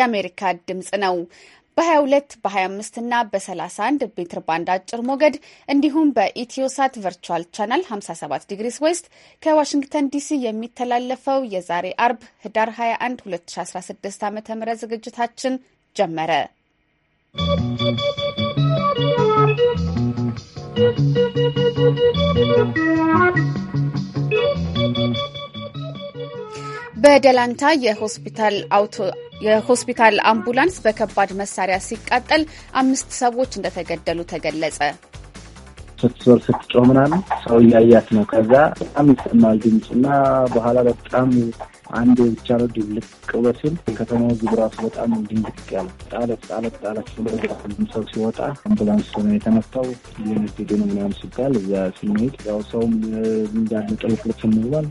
የአሜሪካ ድምፅ ነው። በ22 በ25 እና በ31 ሜትር ባንድ አጭር ሞገድ እንዲሁም በኢትዮሳት ቨርቹዋል ቻናል 57 ዲግሪስ ዌስት ከዋሽንግተን ዲሲ የሚተላለፈው የዛሬ አርብ ህዳር 21 2016 ዓ ም ዝግጅታችን ጀመረ። በደላንታ የሆስፒታል አውቶ የሆስፒታል አምቡላንስ በከባድ መሳሪያ ሲቃጠል አምስት ሰዎች እንደተገደሉ ተገለጸ። ስትዞር ስትጮህ ምናምን ሰው እያያት ነው። ከዛ በጣም ይሰማል ድምፅ እና በኋላ በጣም አንድ ብቻ ነው ድልቅ ብሎ ሲል ከተማ ህዝብ ራሱ በጣም ድንግጥ ያለ ጣለት ጣለት ጣለት ብሎ ሰው ሲወጣ አምቡላንስ ነው የተመታው። ዩኒቨርሲቲ ነው ምናምን ሲባል እዛ ስንሄድ ያው ሰውም እንዳለ ጥልቅልቅ ስንባል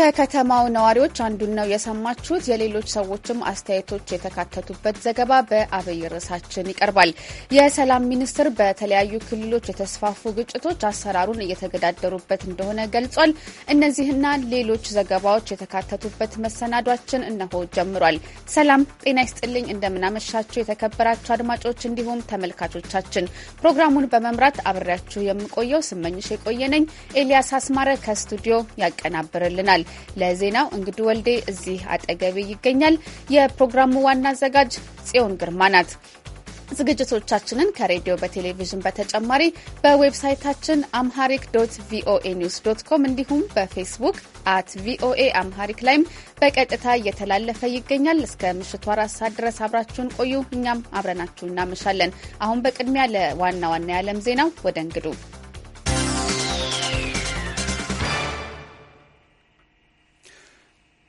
ከከተማው ነዋሪዎች አንዱን ነው የሰማችሁት። የሌሎች ሰዎችም አስተያየቶች የተካተቱበት ዘገባ በአብይ ርዕሳችን ይቀርባል። የሰላም ሚኒስትር በተለያዩ ክልሎች የተስፋፉ ግጭቶች አሰራሩን እየተገዳደሩበት እንደሆነ ገልጿል። እነዚህና ሌሎች ዘገባዎች የተካተቱበት መሰናዷችን እነሆ ጀምሯል። ሰላም ጤና ይስጥልኝ። እንደምናመሻችሁ የተከበራችሁ አድማጮች እንዲሁም ተመልካቾቻችን፣ ፕሮግራሙን በመምራት አብሬያችሁ የምቆየው ስመኝሽ የቆየነኝ። ኤልያስ አስማረ ከስቱዲዮ ያቀናብርልናል። ለዜናው እንግዱ ወልዴ እዚህ አጠገቤ ይገኛል። የፕሮግራሙ ዋና አዘጋጅ ጽዮን ግርማ ናት። ዝግጅቶቻችንን ከሬዲዮ በቴሌቪዥን በተጨማሪ በዌብሳይታችን አምሃሪክ ዶት ቪኦኤ ኒውስ ዶት ኮም እንዲሁም በፌስቡክ አት ቪኦኤ አምሃሪክ ላይም በቀጥታ እየተላለፈ ይገኛል። እስከ ምሽቱ አራት ሰዓት ድረስ አብራችሁን ቆዩ። እኛም አብረናችሁ እናመሻለን። አሁን በቅድሚያ ለዋና ዋና የዓለም ዜናው ወደ እንግዱ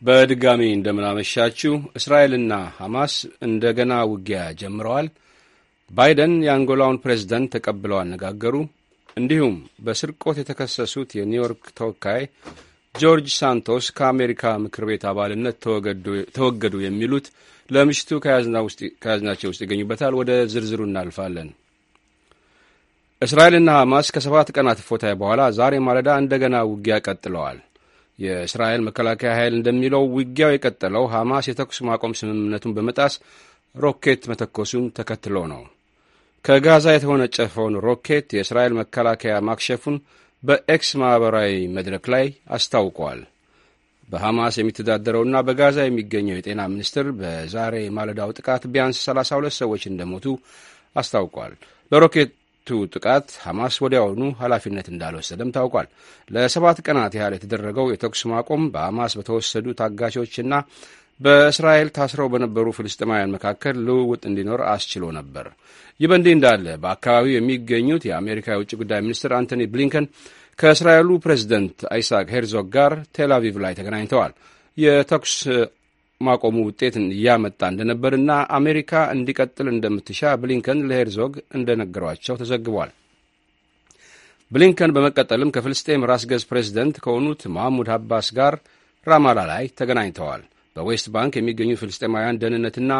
በድጋሚ እንደምናመሻችሁ። እስራኤልና ሐማስ እንደገና ውጊያ ጀምረዋል። ባይደን የአንጎላውን ፕሬዝደንት ተቀብለው አነጋገሩ። እንዲሁም በስርቆት የተከሰሱት የኒውዮርክ ተወካይ ጆርጅ ሳንቶስ ከአሜሪካ ምክር ቤት አባልነት ተወገዱ። የሚሉት ለምሽቱ ከያዝናቸው ውስጥ ይገኙበታል። ወደ ዝርዝሩ እናልፋለን። እስራኤልና ሐማስ ከሰባት ቀናት ፎታይ በኋላ ዛሬ ማለዳ እንደገና ውጊያ ቀጥለዋል። የእስራኤል መከላከያ ኃይል እንደሚለው ውጊያው የቀጠለው ሐማስ የተኩስ ማቆም ስምምነቱን በመጣስ ሮኬት መተኮሱን ተከትሎ ነው። ከጋዛ የተወነጨፈውን ሮኬት የእስራኤል መከላከያ ማክሸፉን በኤክስ ማኅበራዊ መድረክ ላይ አስታውቋል። በሐማስ የሚተዳደረውና በጋዛ የሚገኘው የጤና ሚኒስትር በዛሬ ማለዳው ጥቃት ቢያንስ 32 ሰዎች እንደሞቱ አስታውቋል። በሮኬት ጥቃት ሐማስ ወዲያውኑ ኃላፊነት እንዳልወሰደም ታውቋል። ለሰባት ቀናት ያህል የተደረገው የተኩስ ማቆም በሐማስ በተወሰዱ ታጋቾችና በእስራኤል ታስረው በነበሩ ፍልስጥማውያን መካከል ልውውጥ እንዲኖር አስችሎ ነበር። ይህ በእንዲህ እንዳለ በአካባቢው የሚገኙት የአሜሪካ የውጭ ጉዳይ ሚኒስትር አንቶኒ ብሊንከን ከእስራኤሉ ፕሬዚደንት አይሳቅ ሄርዞግ ጋር ቴል አቪቭ ላይ ተገናኝተዋል። የተኩስ ማቆሙ ውጤት እያመጣ እንደነበርና አሜሪካ እንዲቀጥል እንደምትሻ ብሊንከን ለሄርዞግ እንደነገሯቸው ተዘግቧል። ብሊንከን በመቀጠልም ከፍልስጤም ራስ ገዝ ፕሬዚደንት ከሆኑት ማህሙድ አባስ ጋር ራማላ ላይ ተገናኝተዋል። በዌስት ባንክ የሚገኙ ፍልስጤማውያን ደህንነትና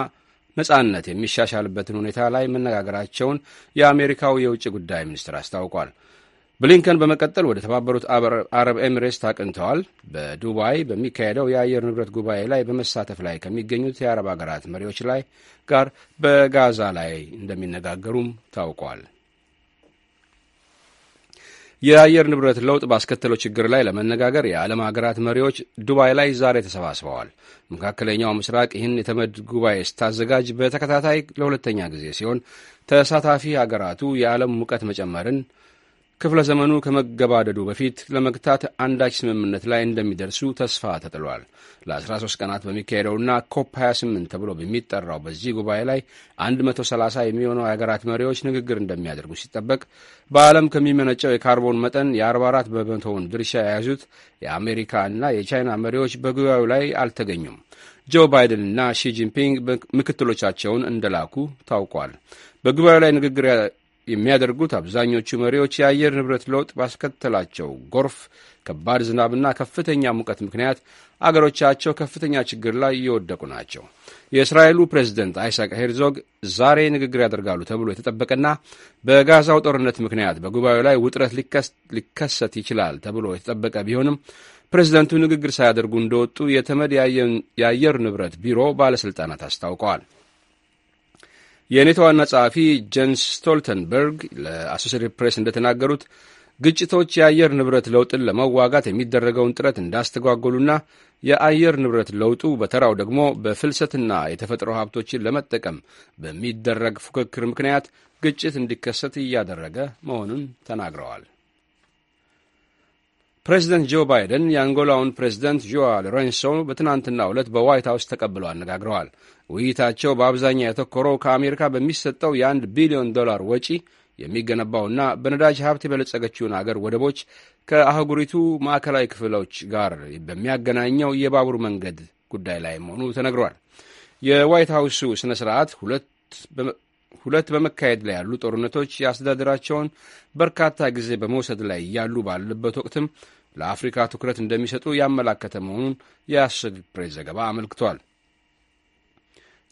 ነጻነት የሚሻሻልበትን ሁኔታ ላይ መነጋገራቸውን የአሜሪካው የውጭ ጉዳይ ሚኒስትር አስታውቋል። ብሊንከን በመቀጠል ወደ ተባበሩት አረብ ኤሚሬትስ ታቅንተዋል። በዱባይ በሚካሄደው የአየር ንብረት ጉባኤ ላይ በመሳተፍ ላይ ከሚገኙት የአረብ ሀገራት መሪዎች ላይ ጋር በጋዛ ላይ እንደሚነጋገሩም ታውቋል። የአየር ንብረት ለውጥ ባስከተለው ችግር ላይ ለመነጋገር የዓለም ሀገራት መሪዎች ዱባይ ላይ ዛሬ ተሰባስበዋል። መካከለኛው ምስራቅ ይህን የተመድ ጉባኤ ስታዘጋጅ በተከታታይ ለሁለተኛ ጊዜ ሲሆን ተሳታፊ ሀገራቱ የዓለም ሙቀት መጨመርን ክፍለ ዘመኑ ከመገባደዱ በፊት ለመግታት አንዳች ስምምነት ላይ እንደሚደርሱ ተስፋ ተጥሏል። ለ13 ቀናት በሚካሄደውና ኮፕ 28 ተብሎ በሚጠራው በዚህ ጉባኤ ላይ 130 የሚሆነው የሀገራት መሪዎች ንግግር እንደሚያደርጉ ሲጠበቅ በዓለም ከሚመነጨው የካርቦን መጠን የ44 በመቶውን ድርሻ የያዙት የአሜሪካ እና የቻይና መሪዎች በጉባኤው ላይ አልተገኙም። ጆ ባይደን እና ሺ ጂንፒንግ ምክትሎቻቸውን እንደላኩ ታውቋል። በጉባኤው ላይ ንግግር የሚያደርጉት አብዛኞቹ መሪዎች የአየር ንብረት ለውጥ ባስከተላቸው ጎርፍ፣ ከባድ ዝናብና ከፍተኛ ሙቀት ምክንያት አገሮቻቸው ከፍተኛ ችግር ላይ እየወደቁ ናቸው። የእስራኤሉ ፕሬዝደንት አይሳቅ ሄርዞግ ዛሬ ንግግር ያደርጋሉ ተብሎ የተጠበቀና በጋዛው ጦርነት ምክንያት በጉባኤው ላይ ውጥረት ሊከሰት ይችላል ተብሎ የተጠበቀ ቢሆንም ፕሬዝደንቱ ንግግር ሳያደርጉ እንደወጡ የተመድ የአየር ንብረት ቢሮ ባለሥልጣናት አስታውቀዋል። የኔቶ ዋና ጸሐፊ ጀንስ ስቶልተንበርግ ለአሶሴትድ ፕሬስ እንደተናገሩት ግጭቶች የአየር ንብረት ለውጥን ለመዋጋት የሚደረገውን ጥረት እንዳስተጓጎሉና የአየር ንብረት ለውጡ በተራው ደግሞ በፍልሰትና የተፈጥሮ ሀብቶችን ለመጠቀም በሚደረግ ፉክክር ምክንያት ግጭት እንዲከሰት እያደረገ መሆኑን ተናግረዋል። ፕሬዚደንት ጆ ባይደን የአንጎላውን ፕሬዚደንት ዦዋ ሎሬንሶ በትናንትናው ዕለት በዋይት ሀውስ ተቀብለው አነጋግረዋል። ውይይታቸው በአብዛኛው ያተኮረው ከአሜሪካ በሚሰጠው የአንድ ቢሊዮን ዶላር ወጪ የሚገነባውና በነዳጅ ሀብት የበለጸገችውን አገር ወደቦች ከአህጉሪቱ ማዕከላዊ ክፍሎች ጋር በሚያገናኘው የባቡር መንገድ ጉዳይ ላይ መሆኑ ተነግሯል። የዋይት ሀውሱ ስነ ስርዓት ሁለት በመካሄድ ላይ ያሉ ጦርነቶች የአስተዳደራቸውን በርካታ ጊዜ በመውሰድ ላይ እያሉ ባለበት ወቅትም ለአፍሪካ ትኩረት እንደሚሰጡ ያመላከተ መሆኑን የአሶሼትድ ፕሬስ ዘገባ አመልክቷል።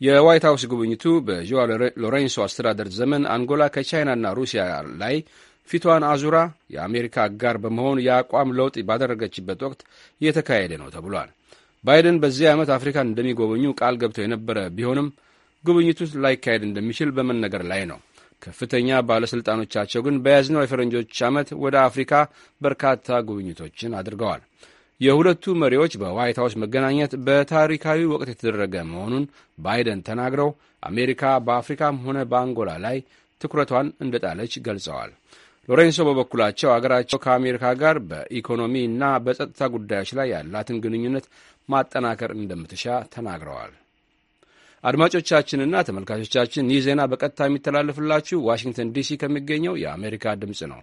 የዋይት ሀውስ ጉብኝቱ በዦዋ ሎሬንሶ አስተዳደር ዘመን አንጎላ ከቻይናና ሩሲያ ላይ ፊቷን አዙራ የአሜሪካ አጋር በመሆን የአቋም ለውጥ ባደረገችበት ወቅት እየተካሄደ ነው ተብሏል። ባይደን በዚህ ዓመት አፍሪካን እንደሚጎበኙ ቃል ገብተው የነበረ ቢሆንም ጉብኝቱ ላይካሄድ እንደሚችል በመነገር ላይ ነው። ከፍተኛ ባለሥልጣኖቻቸው ግን በያዝነው የፈረንጆች ዓመት ወደ አፍሪካ በርካታ ጉብኝቶችን አድርገዋል። የሁለቱ መሪዎች በዋይት ሀውስ መገናኘት በታሪካዊ ወቅት የተደረገ መሆኑን ባይደን ተናግረው አሜሪካ በአፍሪካም ሆነ በአንጎላ ላይ ትኩረቷን እንደጣለች ገልጸዋል። ሎሬንሶ በበኩላቸው አገራቸው ከአሜሪካ ጋር በኢኮኖሚ እና በጸጥታ ጉዳዮች ላይ ያላትን ግንኙነት ማጠናከር እንደምትሻ ተናግረዋል። አድማጮቻችንና ተመልካቾቻችን ይህ ዜና በቀጥታ የሚተላለፍላችሁ ዋሽንግተን ዲሲ ከሚገኘው የአሜሪካ ድምፅ ነው።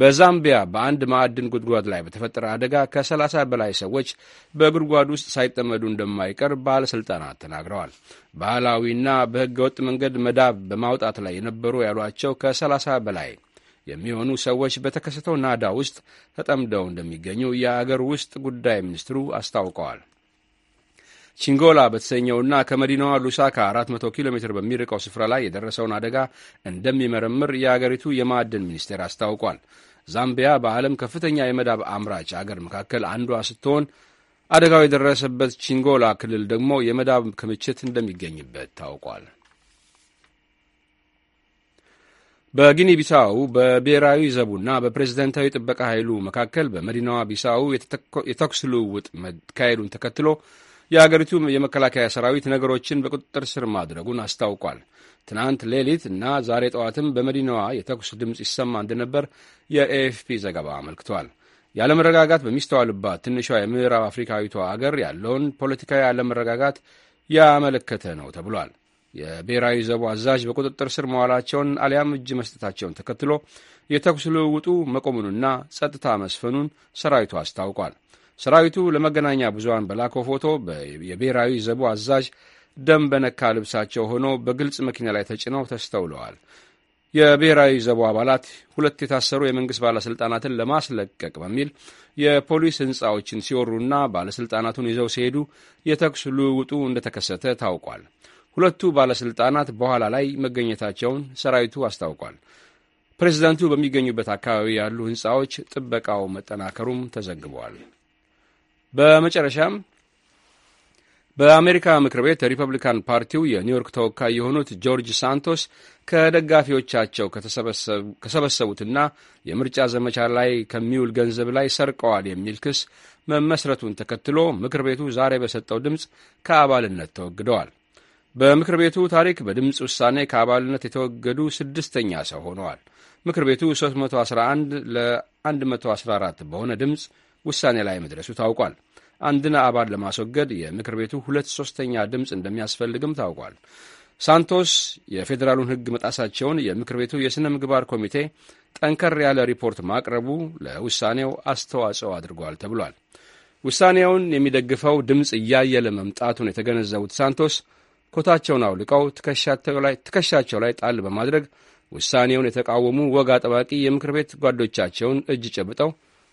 በዛምቢያ በአንድ ማዕድን ጉድጓድ ላይ በተፈጠረ አደጋ ከ30 በላይ ሰዎች በጉድጓድ ውስጥ ሳይጠመዱ እንደማይቀር ባለሥልጣናት ተናግረዋል። ባህላዊና ወጥ መንገድ መዳብ በማውጣት ላይ የነበሩ ያሏቸው ከ30 በላይ የሚሆኑ ሰዎች በተከሰተው ናዳ ውስጥ ተጠምደው እንደሚገኙ የአገር ውስጥ ጉዳይ ሚኒስትሩ አስታውቀዋል። ቺንጎላ በተሰኘውና ከመዲናዋ ሉሳካ 400 ኪሎ ሜትር በሚርቀው ስፍራ ላይ የደረሰውን አደጋ እንደሚመረምር የአገሪቱ የማዕድን ሚኒስቴር አስታውቋል። ዛምቢያ በዓለም ከፍተኛ የመዳብ አምራች አገር መካከል አንዷ ስትሆን አደጋው የደረሰበት ቺንጎላ ክልል ደግሞ የመዳብ ክምችት እንደሚገኝበት ታውቋል። በጊኒ ቢሳው በብሔራዊ ዘቡና በፕሬዝደንታዊ ጥበቃ ኃይሉ መካከል በመዲናዋ ቢሳው የተኩስ ልውውጥ መካሄዱን ተከትሎ የአገሪቱ የመከላከያ ሰራዊት ነገሮችን በቁጥጥር ስር ማድረጉን አስታውቋል። ትናንት ሌሊት እና ዛሬ ጠዋትም በመዲናዋ የተኩስ ድምፅ ይሰማ እንደነበር የኤኤፍፒ ዘገባ አመልክቷል። ያለመረጋጋት በሚስተዋልባት ትንሿ የምዕራብ አፍሪካዊቷ አገር ያለውን ፖለቲካዊ አለመረጋጋት ያመለከተ ነው ተብሏል። የብሔራዊ ዘቡ አዛዥ በቁጥጥር ስር መዋላቸውን አሊያም እጅ መስጠታቸውን ተከትሎ የተኩስ ልውውጡ መቆሙንና ጸጥታ መስፈኑን ሰራዊቱ አስታውቋል። ሰራዊቱ ለመገናኛ ብዙሀን በላከው ፎቶ የብሔራዊ ዘቡ አዛዥ ደም በነካ ልብሳቸው ሆኖ በግልጽ መኪና ላይ ተጭነው ተስተውለዋል። የብሔራዊ ዘቡ አባላት ሁለት የታሰሩ የመንግሥት ባለሥልጣናትን ለማስለቀቅ በሚል የፖሊስ ሕንፃዎችን ሲወሩና ባለሥልጣናቱን ይዘው ሲሄዱ የተኩስ ልውውጡ እንደተከሰተ ታውቋል። ሁለቱ ባለሥልጣናት በኋላ ላይ መገኘታቸውን ሰራዊቱ አስታውቋል። ፕሬዚዳንቱ በሚገኙበት አካባቢ ያሉ ሕንፃዎች ጥበቃው መጠናከሩም ተዘግበዋል። በመጨረሻም በአሜሪካ ምክር ቤት ሪፐብሊካን ፓርቲው የኒውዮርክ ተወካይ የሆኑት ጆርጅ ሳንቶስ ከደጋፊዎቻቸው ከሰበሰቡትና የምርጫ ዘመቻ ላይ ከሚውል ገንዘብ ላይ ሰርቀዋል የሚል ክስ መመስረቱን ተከትሎ ምክር ቤቱ ዛሬ በሰጠው ድምፅ ከአባልነት ተወግደዋል። በምክር ቤቱ ታሪክ በድምፅ ውሳኔ ከአባልነት የተወገዱ ስድስተኛ ሰው ሆነዋል። ምክር ቤቱ 311 ለ114 በሆነ ድምፅ ውሳኔ ላይ መድረሱ ታውቋል። አንድን አባል ለማስወገድ የምክር ቤቱ ሁለት ሶስተኛ ድምፅ እንደሚያስፈልግም ታውቋል። ሳንቶስ የፌዴራሉን ሕግ መጣሳቸውን የምክር ቤቱ የሥነ ምግባር ኮሚቴ ጠንከር ያለ ሪፖርት ማቅረቡ ለውሳኔው አስተዋጽኦ አድርጓል ተብሏል። ውሳኔውን የሚደግፈው ድምፅ እያየለ መምጣቱን የተገነዘቡት ሳንቶስ ኮታቸውን አውልቀው ትከሻቸው ላይ ጣል በማድረግ ውሳኔውን የተቃወሙ ወግ አጥባቂ የምክር ቤት ጓዶቻቸውን እጅ ጨብጠው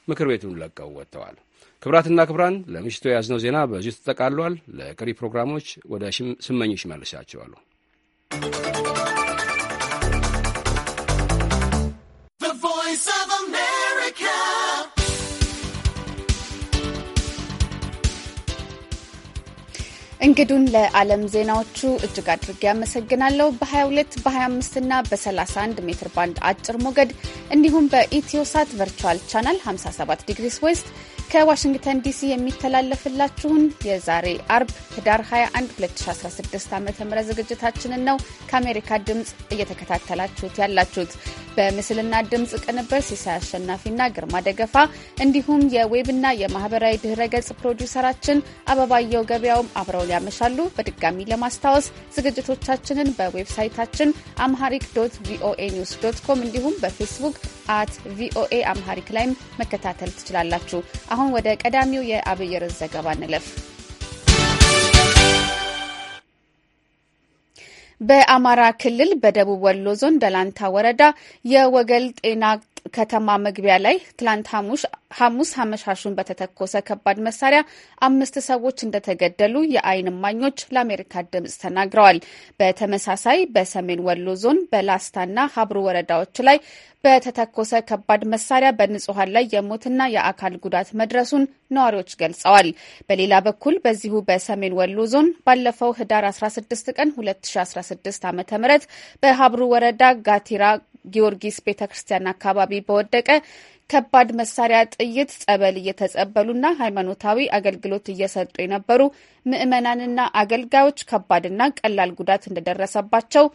ምክር ቤቱን ለቀው ወጥተዋል። ክብራትና ክብራን ለምሽቱ የያዝነው ዜና በዚሁ ተጠቃሏል። ለቀሪ ፕሮግራሞች ወደ ስመኞች you. እንግዱን ለዓለም ዜናዎቹ እጅግ አድርጌ ያመሰግናለሁ። በ22 በ25 እና በ31 ሜትር ባንድ አጭር ሞገድ እንዲሁም በኢትዮሳት ቨርቹዋል ቻናል 57 ዲግሪስ ዌስት ከዋሽንግተን ዲሲ የሚተላለፍላችሁን የዛሬ አርብ ህዳር 21 2016 ዓ ም ዝግጅታችንን ነው ከአሜሪካ ድምፅ እየተከታተላችሁት ያላችሁት። በምስልና ድምፅ ቅንብር ሲሳይ አሸናፊና ግርማ ደገፋ እንዲሁም የዌብና የማህበራዊ ድህረ ገጽ ፕሮዲውሰራችን አበባየው ገበያውም አብረውን ያመሻሉ። በድጋሚ ለማስታወስ ዝግጅቶቻችንን በዌብሳይታችን አምሃሪክ ዶት ቪኦኤ ኒውስ ዶት ኮም እንዲሁም በፌስቡክ አት ቪኦኤ አምሃሪክ ላይም መከታተል ትችላላችሁ። አሁን ወደ ቀዳሚው የአብይ ርዕስ ዘገባ እንለፍ። በአማራ ክልል በደቡብ ወሎ ዞን ደላንታ ወረዳ የወገል ጤና ከተማ መግቢያ ላይ ትላንት ሐሙስ አመሻሹን በተተኮሰ ከባድ መሳሪያ አምስት ሰዎች እንደተገደሉ የአይን እማኞች ለአሜሪካ ድምጽ ተናግረዋል። በተመሳሳይ በሰሜን ወሎ ዞን በላስታና ሀብሩ ወረዳዎች ላይ በተተኮሰ ከባድ መሳሪያ በንጹሐን ላይ የሞትና የአካል ጉዳት መድረሱን ነዋሪዎች ገልጸዋል። በሌላ በኩል በዚሁ በሰሜን ወሎ ዞን ባለፈው ህዳር 16 ቀን 2016 ዓ ም በሀብሩ ወረዳ ጋቲራ ጊዮርጊስ ቤተ ክርስቲያን አካባቢ አካባቢ በወደቀ ከባድ መሳሪያ ጥይት ጸበል እየተጸበሉና ሃይማኖታዊ አገልግሎት እየሰጡ የነበሩ ምዕመናንና አገልጋዮች ከባድና ቀላል ጉዳት እንደደረሰባቸው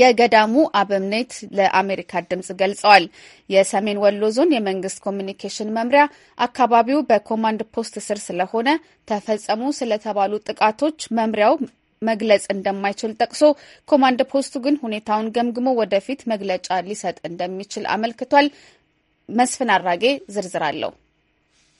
የገዳሙ አበምኔት ለአሜሪካ ድምጽ ገልጸዋል። የሰሜን ወሎ ዞን የመንግስት ኮሚኒኬሽን መምሪያ አካባቢው በኮማንድ ፖስት ስር ስለሆነ ተፈጸሙ ስለተባሉ ጥቃቶች መምሪያው መግለጽ እንደማይችል ጠቅሶ ኮማንድ ፖስቱ ግን ሁኔታውን ገምግሞ ወደፊት መግለጫ ሊሰጥ እንደሚችል አመልክቷል። መስፍን አራጌ ዝርዝር አለው።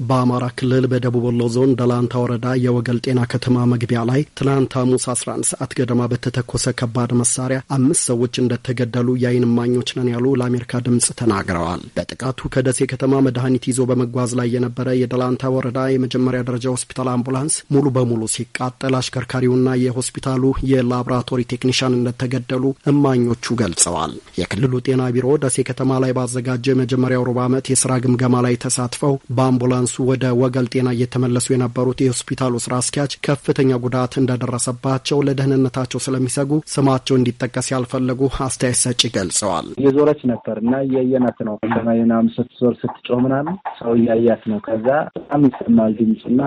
በአማራ ክልል በደቡብ ወሎ ዞን ደላንታ ወረዳ የወገል ጤና ከተማ መግቢያ ላይ ትናንት ሐሙስ 11 ሰዓት ገደማ በተተኮሰ ከባድ መሳሪያ አምስት ሰዎች እንደተገደሉ የአይን እማኞች ነን ያሉ ለአሜሪካ ድምፅ ተናግረዋል። በጥቃቱ ከደሴ ከተማ መድኃኒት ይዞ በመጓዝ ላይ የነበረ የደላንታ ወረዳ የመጀመሪያ ደረጃ ሆስፒታል አምቡላንስ ሙሉ በሙሉ ሲቃጠል አሽከርካሪውና የሆስፒታሉ የላቦራቶሪ ቴክኒሽያን እንደተገደሉ እማኞቹ ገልጸዋል። የክልሉ ጤና ቢሮ ደሴ ከተማ ላይ ባዘጋጀ የመጀመሪያው ሩብ ዓመት የስራ ግምገማ ላይ ተሳትፈው በአምቡላንስ በአምቡላንሱ ወደ ወገል ጤና እየተመለሱ የነበሩት የሆስፒታሉ ስራ አስኪያጅ ከፍተኛ ጉዳት እንደደረሰባቸው ለደህንነታቸው ስለሚሰጉ ስማቸው እንዲጠቀስ ያልፈለጉ አስተያየት ሰጪ ገልጸዋል። የዞረች ነበር እና እያየናት ነው። ሰማዩናም ስትዞር ስትጮህ ምናምን ሰው እያያት ነው። ከዛ በጣም ይሰማል ድምፅ እና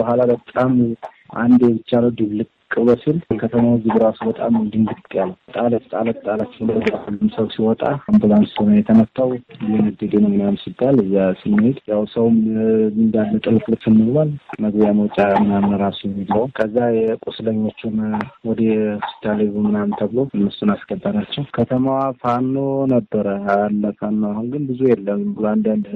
በኋላ በጣም አንዴ ብቻ ነው ድብልቅ ቅበ ሲል ከተማ ህዝብ ራሱ በጣም ድንግጥ ያለ ጣለት ጣለት ጣለት ሁሉም ሰው ሲወጣ አምቡላንስ ሆነ የተመታው የነደደ ነው ምናም ሲባል እዛ ስንሄድ ያው ሰውም እንዳለ ጥልቅልቅ እንብሏል። መግቢያ መውጫ ምናምን ራሱ የሚለው ከዛ የቁስለኞቹን ወደ ሆስፒታል ምናምን ተብሎ እነሱን አስገባናቸው። ከተማዋ ፋኖ ነበረ አለ ፋኖ። አሁን ግን ብዙ የለም ብሎ አንዳንድ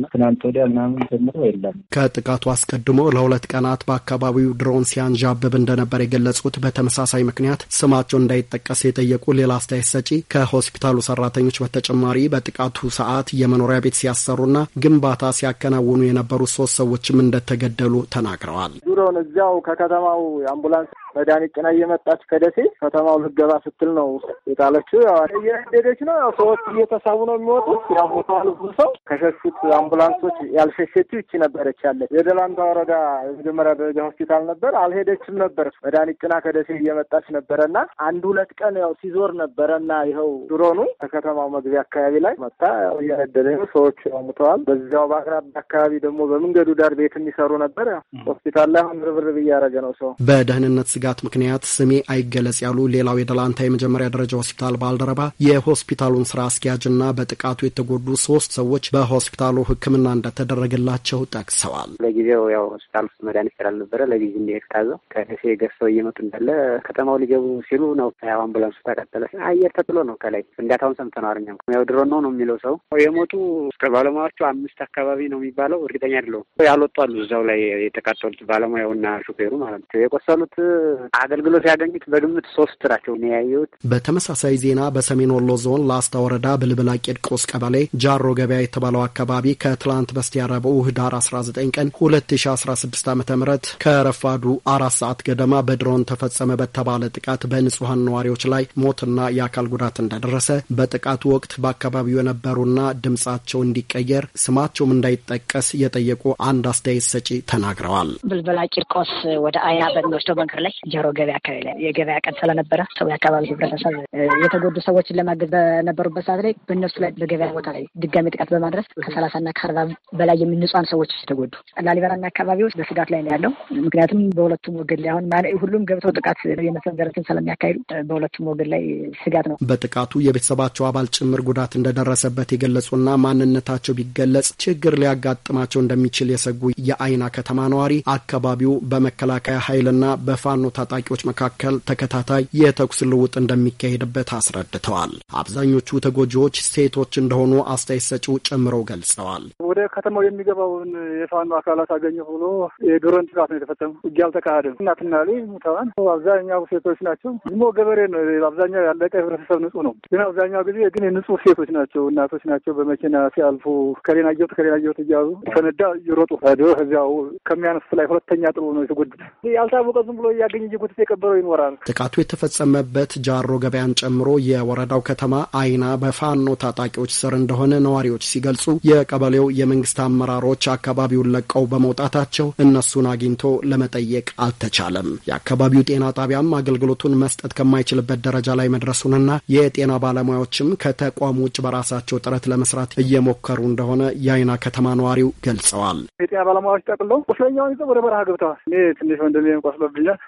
ነው ትናንት ወዲያ ምናምን ጀምሮ የለም። ከጥቃቱ አስቀድሞ ለሁለት ቀናት በአካባቢው ድሮን ሲያንዣብብ እንደነበር የገለጹት በተመሳሳይ ምክንያት ስማቸው እንዳይጠቀስ የጠየቁ ሌላ አስተያየት ሰጪ ከሆስፒታሉ ሰራተኞች በተጨማሪ በጥቃቱ ሰዓት የመኖሪያ ቤት ሲያሰሩና ግንባታ ሲያከናውኑ የነበሩ ሶስት ሰዎችም እንደተገደሉ ተናግረዋል። ዱሮን እዚያው ከከተማው አምቡላንስ መድኃኒት ጭና እየመጣች ከደሴ ከተማው ልገባ ስትል ነው የጣለችው። እየነደደች ነው። ያው ሰዎች እየተሳቡ ነው የሚወጡት። ያው ቦታዋል ብዙ ሰው ከሸሹት አምቡላንሶች ያልሸሸችው ይቺ ነበረች ያለ የደላንታ ወረዳ የመጀመሪያ ደረጃ ሆስፒታል ነበር አልሄደችም ነበር። መድኃኒት ጭና ከደሴ እየመጣች ነበረ እና አንድ ሁለት ቀን ያው ሲዞር ነበረ እና ይኸው ድሮኑ ከከተማው መግቢያ አካባቢ ላይ መታ ያው እየነደደ ነው። ሰዎች ያው ሙተዋል። በዚያው በአቅራቢያ አካባቢ ደግሞ በመንገዱ ዳር ቤት የሚሰሩ ነበር። ያው ሆስፒታል ላይ አሁን ርብርብ እያደረገ ነው ሰው በደህንነት ስጋ መዘጋት ምክንያት ስሜ አይገለጽ ያሉ ሌላው የደላንታ የመጀመሪያ ደረጃ ሆስፒታል ባልደረባ የሆስፒታሉን ስራ አስኪያጅና በጥቃቱ የተጎዱ ሶስት ሰዎች በሆስፒታሉ ሕክምና እንደተደረገላቸው ጠቅሰዋል። ለጊዜው ያው ሆስፒታል ውስጥ መድኃኒት ስላልነበረ ለጊዜ እንዲሄድ ታዘው ከደሴ ገዝተው እየመጡ እንዳለ ከተማው ሊገቡ ሲሉ ነው ያው አምቡላንሱ ተቀጠለ። አየር ተጥሎ ነው ከላይ ፍንዳታውን ሰምተነዋል። እኛም ያው ድሮ ነው ነው የሚለው ሰው የሞቱ እስከ ባለሙያዎቹ አምስት አካባቢ ነው የሚባለው እርግጠኛ አይደለሁም። ያልወጡ አሉ እዛው ላይ የተቃጠሉት ባለሙያውና ሹፌሩ ማለት ነው። የቆሰሉት አገልግሎት ያገኙት በግምት ሶስት ናቸው ነው ያየሁት። በተመሳሳይ ዜና በሰሜን ወሎ ዞን ላስታ ወረዳ ብልብላ ቂርቆስ ቀበሌ ጃሮ ገበያ የተባለው አካባቢ ከትላንት በስቲያ ረቡዕ ህዳር 19 ቀን 2016 ዓ ም ከረፋዱ አራት ሰዓት ገደማ በድሮን ተፈጸመ በተባለ ጥቃት በንጹሐን ነዋሪዎች ላይ ሞትና የአካል ጉዳት እንደደረሰ በጥቃቱ ወቅት በአካባቢው የነበሩና ድምጻቸው እንዲቀየር ስማቸውም እንዳይጠቀስ የጠየቁ አንድ አስተያየት ሰጪ ተናግረዋል። ብልብላ ቂርቆስ ወደ አያ በሚወስደው መንገድ ላይ ጀሮ ገበያ አካባቢ ላይ የገበያ ቀን ስለነበረ ሰው የአካባቢ ህብረተሰብ የተጎዱ ሰዎችን ለማገዝ በነበሩበት ሰዓት ላይ በእነሱ ላይ በገበያ ቦታ ላይ ድጋሚ ጥቃት በማድረስ ከሰላሳና ከአርባ በላይ የምንጽን ሰዎች የተጎዱ ላሊበላና አካባቢዎች በስጋት ላይ ነው ያለው። ምክንያቱም በሁለቱም ወገን ላይ አሁን ሁሉም ገብተው ጥቃት የመሰንዘረትን ስለሚያካሂዱ በሁለቱም ወገን ላይ ስጋት ነው። በጥቃቱ የቤተሰባቸው አባል ጭምር ጉዳት እንደደረሰበት የገለጹና ማንነታቸው ቢገለጽ ችግር ሊያጋጥማቸው እንደሚችል የሰጉ የአይና ከተማ ነዋሪ አካባቢው በመከላከያ ኃይልና በፋኖ ታጣቂዎች መካከል ተከታታይ የተኩስ ልውጥ እንደሚካሄድበት አስረድተዋል። አብዛኞቹ ተጎጂዎች ሴቶች እንደሆኑ አስተያየት ሰጪው ጨምረው ገልጸዋል። ወደ ከተማው የሚገባውን የፋኖ አካላት አገኘ ብሎ የድሮን ጥቃት ነው የተፈጸመው። ውጊያ አልተካሄደም። እናትና ልጅ ሙተዋል። አብዛኛው ሴቶች ናቸው። ዝሞ ገበሬ ነው። አብዛኛው ያለቀ ህብረተሰብ ንጹህ ነው። ግን አብዛኛው ጊዜ ግን የንጹህ ሴቶች ናቸው፣ እናቶች ናቸው። በመኪና ሲያልፉ ከሌና ጌት ከሌና ጌት እያሉ ፈነዳ እየሮጡ ከዚያው ከሚያነሱት ላይ ሁለተኛ ጥሩ ነው የተጎዱት ያልታወቀ ዝም ብሎ እያገ ያለኝ እንጂ የቀበረው ይኖራል። ጥቃቱ የተፈጸመበት ጃሮ ገበያን ጨምሮ የወረዳው ከተማ አይና በፋኖ ታጣቂዎች ስር እንደሆነ ነዋሪዎች ሲገልጹ፣ የቀበሌው የመንግስት አመራሮች አካባቢውን ለቀው በመውጣታቸው እነሱን አግኝቶ ለመጠየቅ አልተቻለም። የአካባቢው ጤና ጣቢያም አገልግሎቱን መስጠት ከማይችልበት ደረጃ ላይ መድረሱንና የጤና ባለሙያዎችም ከተቋሙ ውጭ በራሳቸው ጥረት ለመስራት እየሞከሩ እንደሆነ የአይና ከተማ ነዋሪው ገልጸዋል። የጤና ባለሙያዎች ጠቅለው ቁስለኛውን ይዘው ወደ በረሃ ገብተዋል። እኔ ትንሽ ወንድሜ ቆስሎብኛል።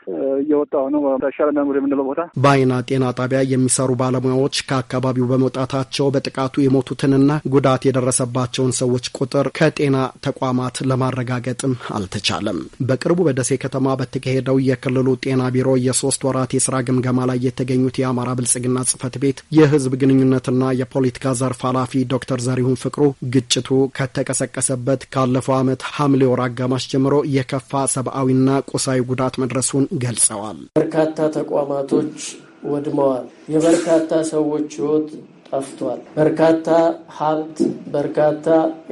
እየወጣሁ ነው። ሻለና መምር የምንለው ቦታ በአይና ጤና ጣቢያ የሚሰሩ ባለሙያዎች ከአካባቢው በመውጣታቸው በጥቃቱ የሞቱትንና ጉዳት የደረሰባቸውን ሰዎች ቁጥር ከጤና ተቋማት ለማረጋገጥም አልተቻለም። በቅርቡ በደሴ ከተማ በተካሄደው የክልሉ ጤና ቢሮ የሶስት ወራት የስራ ግምገማ ላይ የተገኙት የአማራ ብልጽግና ጽህፈት ቤት የህዝብ ግንኙነትና የፖለቲካ ዘርፍ ኃላፊ ዶክተር ዘሪሁን ፍቅሩ ግጭቱ ከተቀሰቀሰበት ካለፈው ዓመት ሐምሌ ወር አጋማሽ ጀምሮ የከፋ ሰብአዊና ቁሳዊ ጉዳት መድረሱን ገ ገልጸዋል። በርካታ ተቋማቶች ወድመዋል። የበርካታ ሰዎች ሕይወት ጠፍቷል። በርካታ ሀብት፣ በርካታ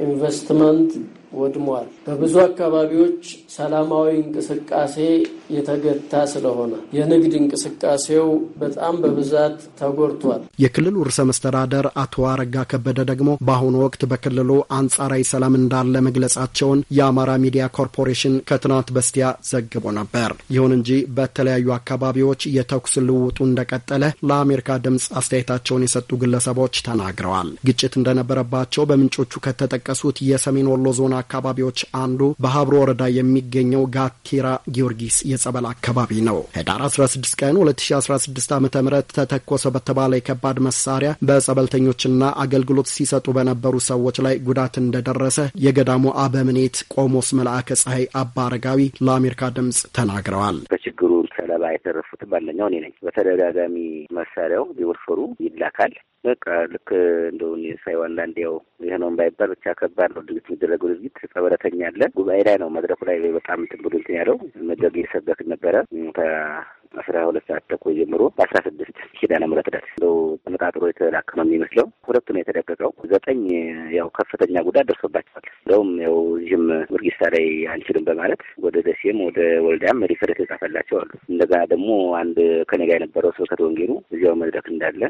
ኢንቨስትመንት ወድሟል። በብዙ አካባቢዎች ሰላማዊ እንቅስቃሴ የተገታ ስለሆነ የንግድ እንቅስቃሴው በጣም በብዛት ተጎድቷል። የክልሉ ርዕሰ መስተዳደር አቶ አረጋ ከበደ ደግሞ በአሁኑ ወቅት በክልሉ አንጻራዊ ሰላም እንዳለ መግለጻቸውን የአማራ ሚዲያ ኮርፖሬሽን ከትናንት በስቲያ ዘግቦ ነበር። ይሁን እንጂ በተለያዩ አካባቢዎች የተኩስ ልውውጡ እንደቀጠለ ለአሜሪካ ድምፅ አስተያየታቸውን የሰጡ ግለሰቦች ተናግረዋል። ግጭት እንደነበረባቸው በምንጮቹ ከተጠቀሱት የሰሜን ወሎ ዞን አካባቢዎች አንዱ በሀብሮ ወረዳ የሚ የሚገኘው ጋኪራ ጊዮርጊስ የጸበል አካባቢ ነው። ህዳር 16 ቀን 2016 ዓ ም ተተኮሰ በተባለ የከባድ መሳሪያ በጸበልተኞችና አገልግሎት ሲሰጡ በነበሩ ሰዎች ላይ ጉዳት እንደደረሰ የገዳሙ አበምኔት ቆሞስ መልአከ ፀሐይ አባ አረጋዊ ለአሜሪካ ድምፅ ተናግረዋል። በችግሩ ሰባ የተረፉትም ባለኛው እኔ ነኝ። በተደጋጋሚ መሳሪያው ሊወርፈሩ ይላካል። በቃ ልክ እንደው ሳይሆን አንዳንዴ ያው ይህ ነው ባይባል ብቻ ከባድ ነው ድርጊት የሚደረገው ድርጊት። ጸበረተኛ አለ ጉባኤ ላይ ነው መድረኩ ላይ በጣም ትንብሉ እንትን ያለው መደግ እየሰበክን ነበረ አስራ ሁለት ሰዓት ተኩል ጀምሮ በአስራ ስድስት ኪዳነ ምሕረት ዕለት እንደው ተመጣጥሮ የተላከመ የሚመስለው ሁለቱ ነው የተደቀቀው። ዘጠኝ ያው ከፍተኛ ጉዳት ደርሶባቸዋል። እንደውም ያው እዚህም ምርጊስታ ላይ አንችልም በማለት ወደ ደሴም ወደ ወልዳም ሪፈር የተጻፈላቸው አሉ። እንደገና ደግሞ አንድ ከኔ ጋር የነበረው ስብከተ ወንጌሉ እዚያው መድረክ እንዳለ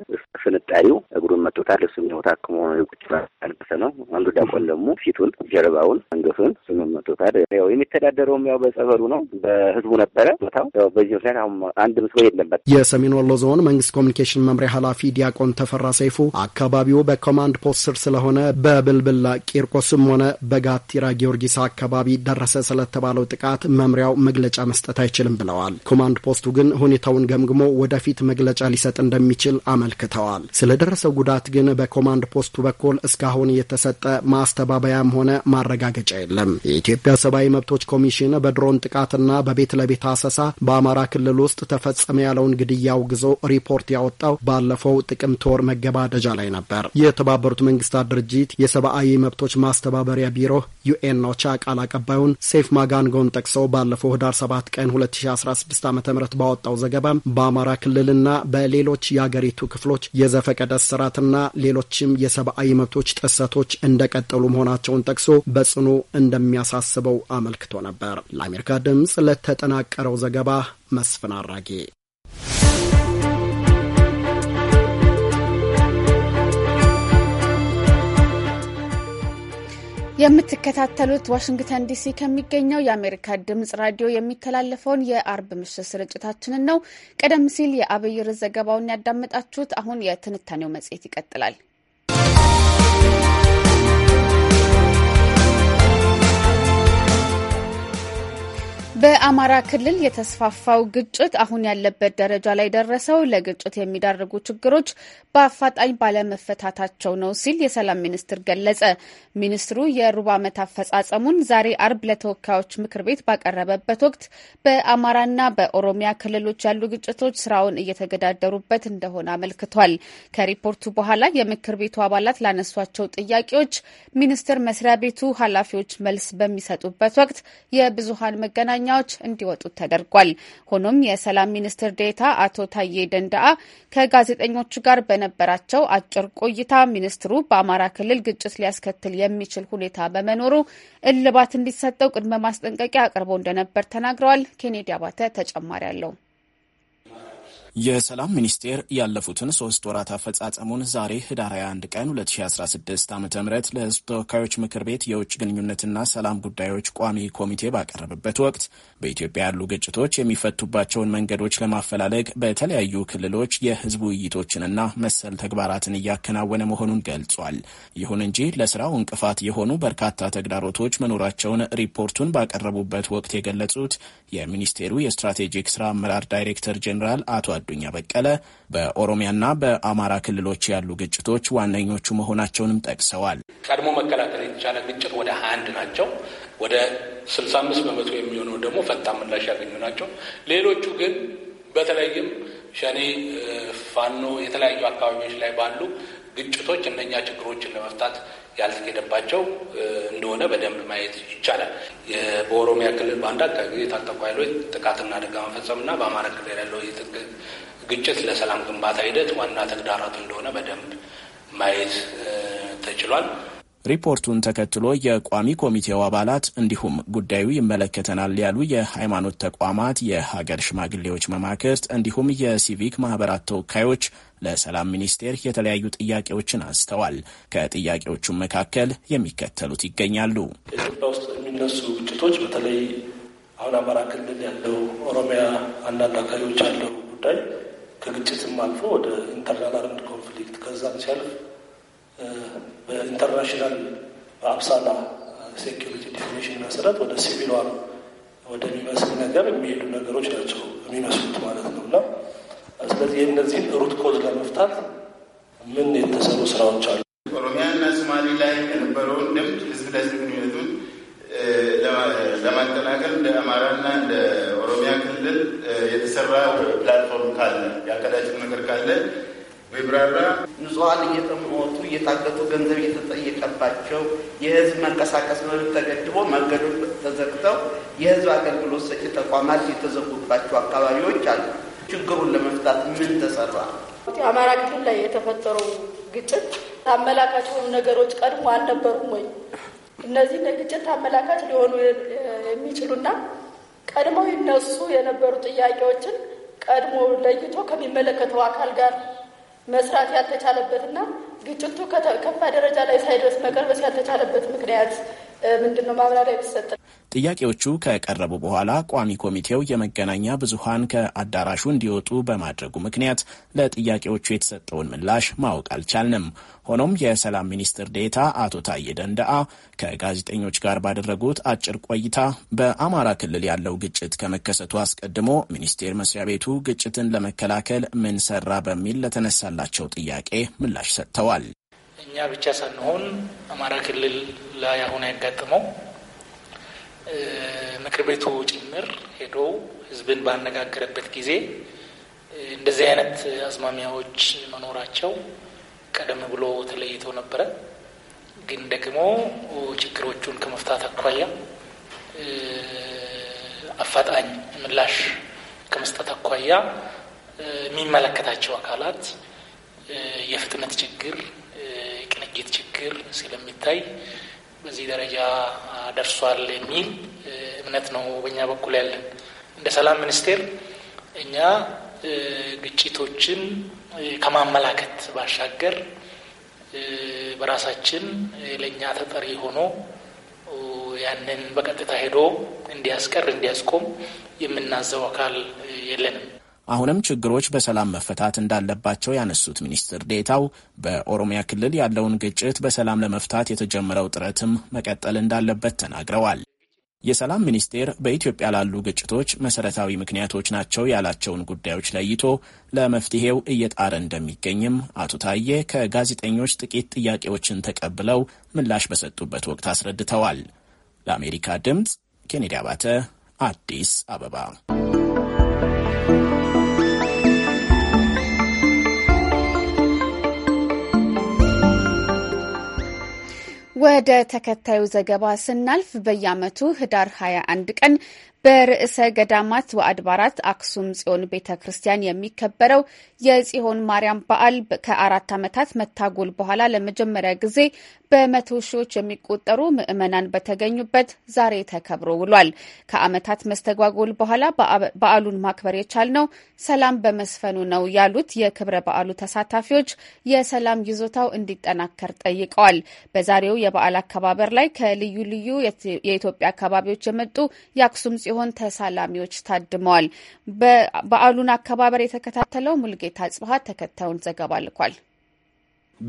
ፍንጣሪው እግሩን መጥቶታል። እሱም ያው ታክሞ ቁጭ ያልቀሰ ነው። አንዱ ዳቆን ደግሞ ፊቱን፣ ጀርባውን፣ አንገቱን ስምን መጥቶታል። ያው የሚተዳደረውም ያው በጸበሉ ነው በህዝቡ ነበረ ቦታው በዚህ ምክንያት አሁን አንድ ምስሎ የለበት። የሰሜን ወሎ ዞን መንግስት ኮሚኒኬሽን መምሪያ ኃላፊ ዲያቆን ተፈራ ሰይፉ አካባቢው በኮማንድ ፖስት ስር ስለሆነ በብልብላ ቂርቆስም ሆነ በጋቲራ ጊዮርጊስ አካባቢ ደረሰ ስለተባለው ጥቃት መምሪያው መግለጫ መስጠት አይችልም ብለዋል። ኮማንድ ፖስቱ ግን ሁኔታውን ገምግሞ ወደፊት መግለጫ ሊሰጥ እንደሚችል አመልክተዋል። ስለደረሰው ጉዳት ግን በኮማንድ ፖስቱ በኩል እስካሁን የተሰጠ ማስተባበያም ሆነ ማረጋገጫ የለም። የኢትዮጵያ ሰብአዊ መብቶች ኮሚሽን በድሮን ጥቃትና በቤት ለቤት አሰሳ በአማራ ክልል ውስጥ ውስጥ ተፈጸመ ያለውን ግድያ አውግዞ ሪፖርት ያወጣው ባለፈው ጥቅምት ወር መገባደጃ ላይ ነበር። የተባበሩት መንግስታት ድርጅት የሰብአዊ መብቶች ማስተባበሪያ ቢሮ ዩኤን ኦቻ ቃል አቀባዩን ሴፍ ማጋንጎን ጠቅሰው ባለፈው ህዳር 7 ቀን 2016 ዓ ም ባወጣው ዘገባ በአማራ ክልልና በሌሎች የአገሪቱ ክፍሎች የዘፈቀደ ስራትና ሌሎችም የሰብአዊ መብቶች ጥሰቶች እንደቀጠሉ መሆናቸውን ጠቅሶ በጽኑ እንደሚያሳስበው አመልክቶ ነበር። ለአሜሪካ ድምፅ ለተጠናቀረው ዘገባ መስፍን አራጌ የምትከታተሉት ዋሽንግተን ዲሲ ከሚገኘው የአሜሪካ ድምጽ ራዲዮ የሚተላለፈውን የአርብ ምሽት ስርጭታችንን ነው። ቀደም ሲል የአብይር ዘገባውን ያዳመጣችሁት። አሁን የትንታኔው መጽሔት ይቀጥላል። በአማራ ክልል የተስፋፋው ግጭት አሁን ያለበት ደረጃ ላይ ደረሰው ለግጭት የሚዳርጉ ችግሮች በአፋጣኝ ባለመፈታታቸው ነው ሲል የሰላም ሚኒስትር ገለጸ። ሚኒስትሩ የሩብ ዓመት አፈጻጸሙን ዛሬ አርብ ለተወካዮች ምክር ቤት ባቀረበበት ወቅት በአማራና በኦሮሚያ ክልሎች ያሉ ግጭቶች ስራውን እየተገዳደሩበት እንደሆነ አመልክቷል። ከሪፖርቱ በኋላ የምክር ቤቱ አባላት ላነሷቸው ጥያቄዎች ሚኒስቴር መስሪያ ቤቱ ኃላፊዎች መልስ በሚሰጡበት ወቅት የብዙሀን መገናኛ ሰራተኛዎች እንዲወጡ ተደርጓል። ሆኖም የሰላም ሚኒስትር ዴታ አቶ ታዬ ደንዳአ ከጋዜጠኞቹ ጋር በነበራቸው አጭር ቆይታ ሚኒስትሩ በአማራ ክልል ግጭት ሊያስከትል የሚችል ሁኔታ በመኖሩ እልባት እንዲሰጠው ቅድመ ማስጠንቀቂያ አቅርቦ እንደነበር ተናግረዋል። ኬኔዲ አባተ ተጨማሪ አለው። የሰላም ሚኒስቴር ያለፉትን ሶስት ወራት አፈጻጸሙን ዛሬ ህዳር 21 ቀን 2016 ዓ ም ለህዝብ ተወካዮች ምክር ቤት የውጭ ግንኙነትና ሰላም ጉዳዮች ቋሚ ኮሚቴ ባቀረበበት ወቅት በኢትዮጵያ ያሉ ግጭቶች የሚፈቱባቸውን መንገዶች ለማፈላለግ በተለያዩ ክልሎች የህዝብ ውይይቶችንና መሰል ተግባራትን እያከናወነ መሆኑን ገልጿል። ይሁን እንጂ ለስራው እንቅፋት የሆኑ በርካታ ተግዳሮቶች መኖራቸውን ሪፖርቱን ባቀረቡበት ወቅት የገለጹት የሚኒስቴሩ የስትራቴጂክ ስራ አመራር ዳይሬክተር ጄኔራል አቶ አዱኛ በቀለ በኦሮሚያና በአማራ ክልሎች ያሉ ግጭቶች ዋነኞቹ መሆናቸውንም ጠቅሰዋል። ቀድሞ መከላከል የተቻለ ግጭት ወደ ሀያ አንድ ናቸው። ወደ ስልሳ አምስት በመቶ የሚሆነው ደግሞ ፈጣን ምላሽ ያገኙ ናቸው። ሌሎቹ ግን በተለይም ሸኔ፣ ፋኖ የተለያዩ አካባቢዎች ላይ ባሉ ግጭቶች እነኛ ችግሮችን ለመፍታት ያልተሄደባቸው እንደሆነ በደንብ ማየት ይቻላል። በኦሮሚያ ክልል በአንድ አካባቢ የታጠቁ ኃይሎች ጥቃትና አደጋ መፈጸምና በአማራ ክልል ያለው ግጭት ለሰላም ግንባታ ሂደት ዋና ተግዳራት እንደሆነ በደንብ ማየት ተችሏል። ሪፖርቱን ተከትሎ የቋሚ ኮሚቴው አባላት እንዲሁም ጉዳዩ ይመለከተናል ያሉ የሃይማኖት ተቋማት፣ የሀገር ሽማግሌዎች መማክርት እንዲሁም የሲቪክ ማህበራት ተወካዮች ለሰላም ሚኒስቴር የተለያዩ ጥያቄዎችን አንስተዋል። ከጥያቄዎቹም መካከል የሚከተሉት ይገኛሉ። ኢትዮጵያ ውስጥ የሚነሱ ግጭቶች በተለይ አሁን አማራ ክልል ያለው ኦሮሚያ፣ አንዳንድ አካባቢዎች ያለው ጉዳይ ከግጭትም አልፎ ወደ ኢንተርናል አርምድ ኮንፍሊክት ከዛም ሲያልፍ በኢንተርናሽናል በአብሳላ ሴኪሪቲ ዲፊኒሽን መሰረት ወደ ሲቪል ዋር ወደሚመስል ነገር የሚሄዱ ነገሮች ናቸው የሚመስሉት ማለት ነው እና ስለዚህ እነዚህን ሩት ኮዝ ለመፍታት ምን የተሰሩ ስራዎች አሉ? ኦሮሚያ እና ሶማሌ ላይ የነበረውን ልምድ ህዝብ ለህዝብ ግንኙነቱን ለማጠናከር እንደ አማራ እንደ ኦሮሚያ ክልል የተሰራ ፕላትፎርም ካለ የአቀዳጅን ነገር ካለ ወይብራራ ንጹሐን እየተሞቱ እየታገቱ ገንዘብ እየተጠየቀባቸው የህዝብ መንቀሳቀስ መብት ተገድቦ መንገዶች ተዘግተው የህዝብ አገልግሎት ሰጪ ተቋማት የተዘጉባቸው አካባቢዎች አሉ። ችግሩን ለመፍታት ምን ተሰራ? የአማራ ክልል ላይ የተፈጠረው ግጭት አመላካች የሆኑ ነገሮች ቀድሞ አልነበሩም ወይ? እነዚህ ለግጭት አመላካች ሊሆኑ የሚችሉና ቀድሞ ይነሱ የነበሩ ጥያቄዎችን ቀድሞ ለይቶ ከሚመለከተው አካል ጋር መስራት ያልተቻለበትና ግጭቱ ከፋ ደረጃ ላይ ሳይደርስ መቀልበስ ያልተቻለበት ምክንያት ምንድን ነው? ማብራሪያ ቢሰጥ ጥያቄዎቹ ከቀረቡ በኋላ ቋሚ ኮሚቴው የመገናኛ ብዙሃን ከአዳራሹ እንዲወጡ በማድረጉ ምክንያት ለጥያቄዎቹ የተሰጠውን ምላሽ ማወቅ አልቻልንም። ሆኖም የሰላም ሚኒስትር ዴታ አቶ ታዬ ደንደአ ከጋዜጠኞች ጋር ባደረጉት አጭር ቆይታ በአማራ ክልል ያለው ግጭት ከመከሰቱ አስቀድሞ ሚኒስቴር መስሪያ ቤቱ ግጭትን ለመከላከል ምን ሰራ በሚል ለተነሳላቸው ጥያቄ ምላሽ ሰጥተዋል። እኛ ብቻ ሳንሆን አማራ ክልል ላይ አሁን ያጋጥመው ምክር ቤቱ ጭምር ሄዶ ህዝብን ባነጋገረበት ጊዜ እንደዚህ አይነት አዝማሚያዎች መኖራቸው ቀደም ብሎ ተለይቶ ነበረ። ግን ደግሞ ችግሮቹን ከመፍታት አኳያ አፋጣኝ ምላሽ ከመስጠት አኳያ የሚመለከታቸው አካላት የፍጥነት ችግር፣ የቅንጅት ችግር ስለሚታይ በዚህ ደረጃ ደርሷል የሚል እምነት ነው በእኛ በኩል ያለን። እንደ ሰላም ሚኒስቴር እኛ ግጭቶችን ከማመላከት ባሻገር በራሳችን ለእኛ ተጠሪ ሆኖ ያንን በቀጥታ ሄዶ እንዲያስቀር እንዲያስቆም የምናዘው አካል የለንም። አሁንም ችግሮች በሰላም መፈታት እንዳለባቸው ያነሱት ሚኒስትር ዴታው በኦሮሚያ ክልል ያለውን ግጭት በሰላም ለመፍታት የተጀመረው ጥረትም መቀጠል እንዳለበት ተናግረዋል። የሰላም ሚኒስቴር በኢትዮጵያ ላሉ ግጭቶች መሰረታዊ ምክንያቶች ናቸው ያላቸውን ጉዳዮች ለይቶ ለመፍትሄው እየጣረ እንደሚገኝም አቶ ታዬ ከጋዜጠኞች ጥቂት ጥያቄዎችን ተቀብለው ምላሽ በሰጡበት ወቅት አስረድተዋል። ለአሜሪካ ድምፅ ኬኔዲ አባተ አዲስ አበባ ወደ ተከታዩ ዘገባ ስናልፍ በየዓመቱ ህዳር 21 ቀን በርዕሰ ገዳማት ወአድባራት አክሱም ጽዮን ቤተ ክርስቲያን የሚከበረው የጽዮን ማርያም በዓል ከአራት ዓመታት መታጎል በኋላ ለመጀመሪያ ጊዜ በመቶ ሺዎች የሚቆጠሩ ምዕመናን በተገኙበት ዛሬ ተከብሮ ውሏል። ከዓመታት መስተጓጎል በኋላ በዓሉን ማክበር የቻልነው ሰላም በመስፈኑ ነው ያሉት የክብረ በዓሉ ተሳታፊዎች የሰላም ይዞታው እንዲጠናከር ጠይቀዋል። በዛሬው የበዓል አከባበር ላይ ከልዩ ልዩ የኢትዮጵያ አካባቢዎች የመጡ የአክሱም ጽዮን ተሳላሚዎች ታድመዋል። በዓሉን አከባበር የተከታተለው ሙልጌታ ጽብሀት ተከታዩን ዘገባ ልኳል።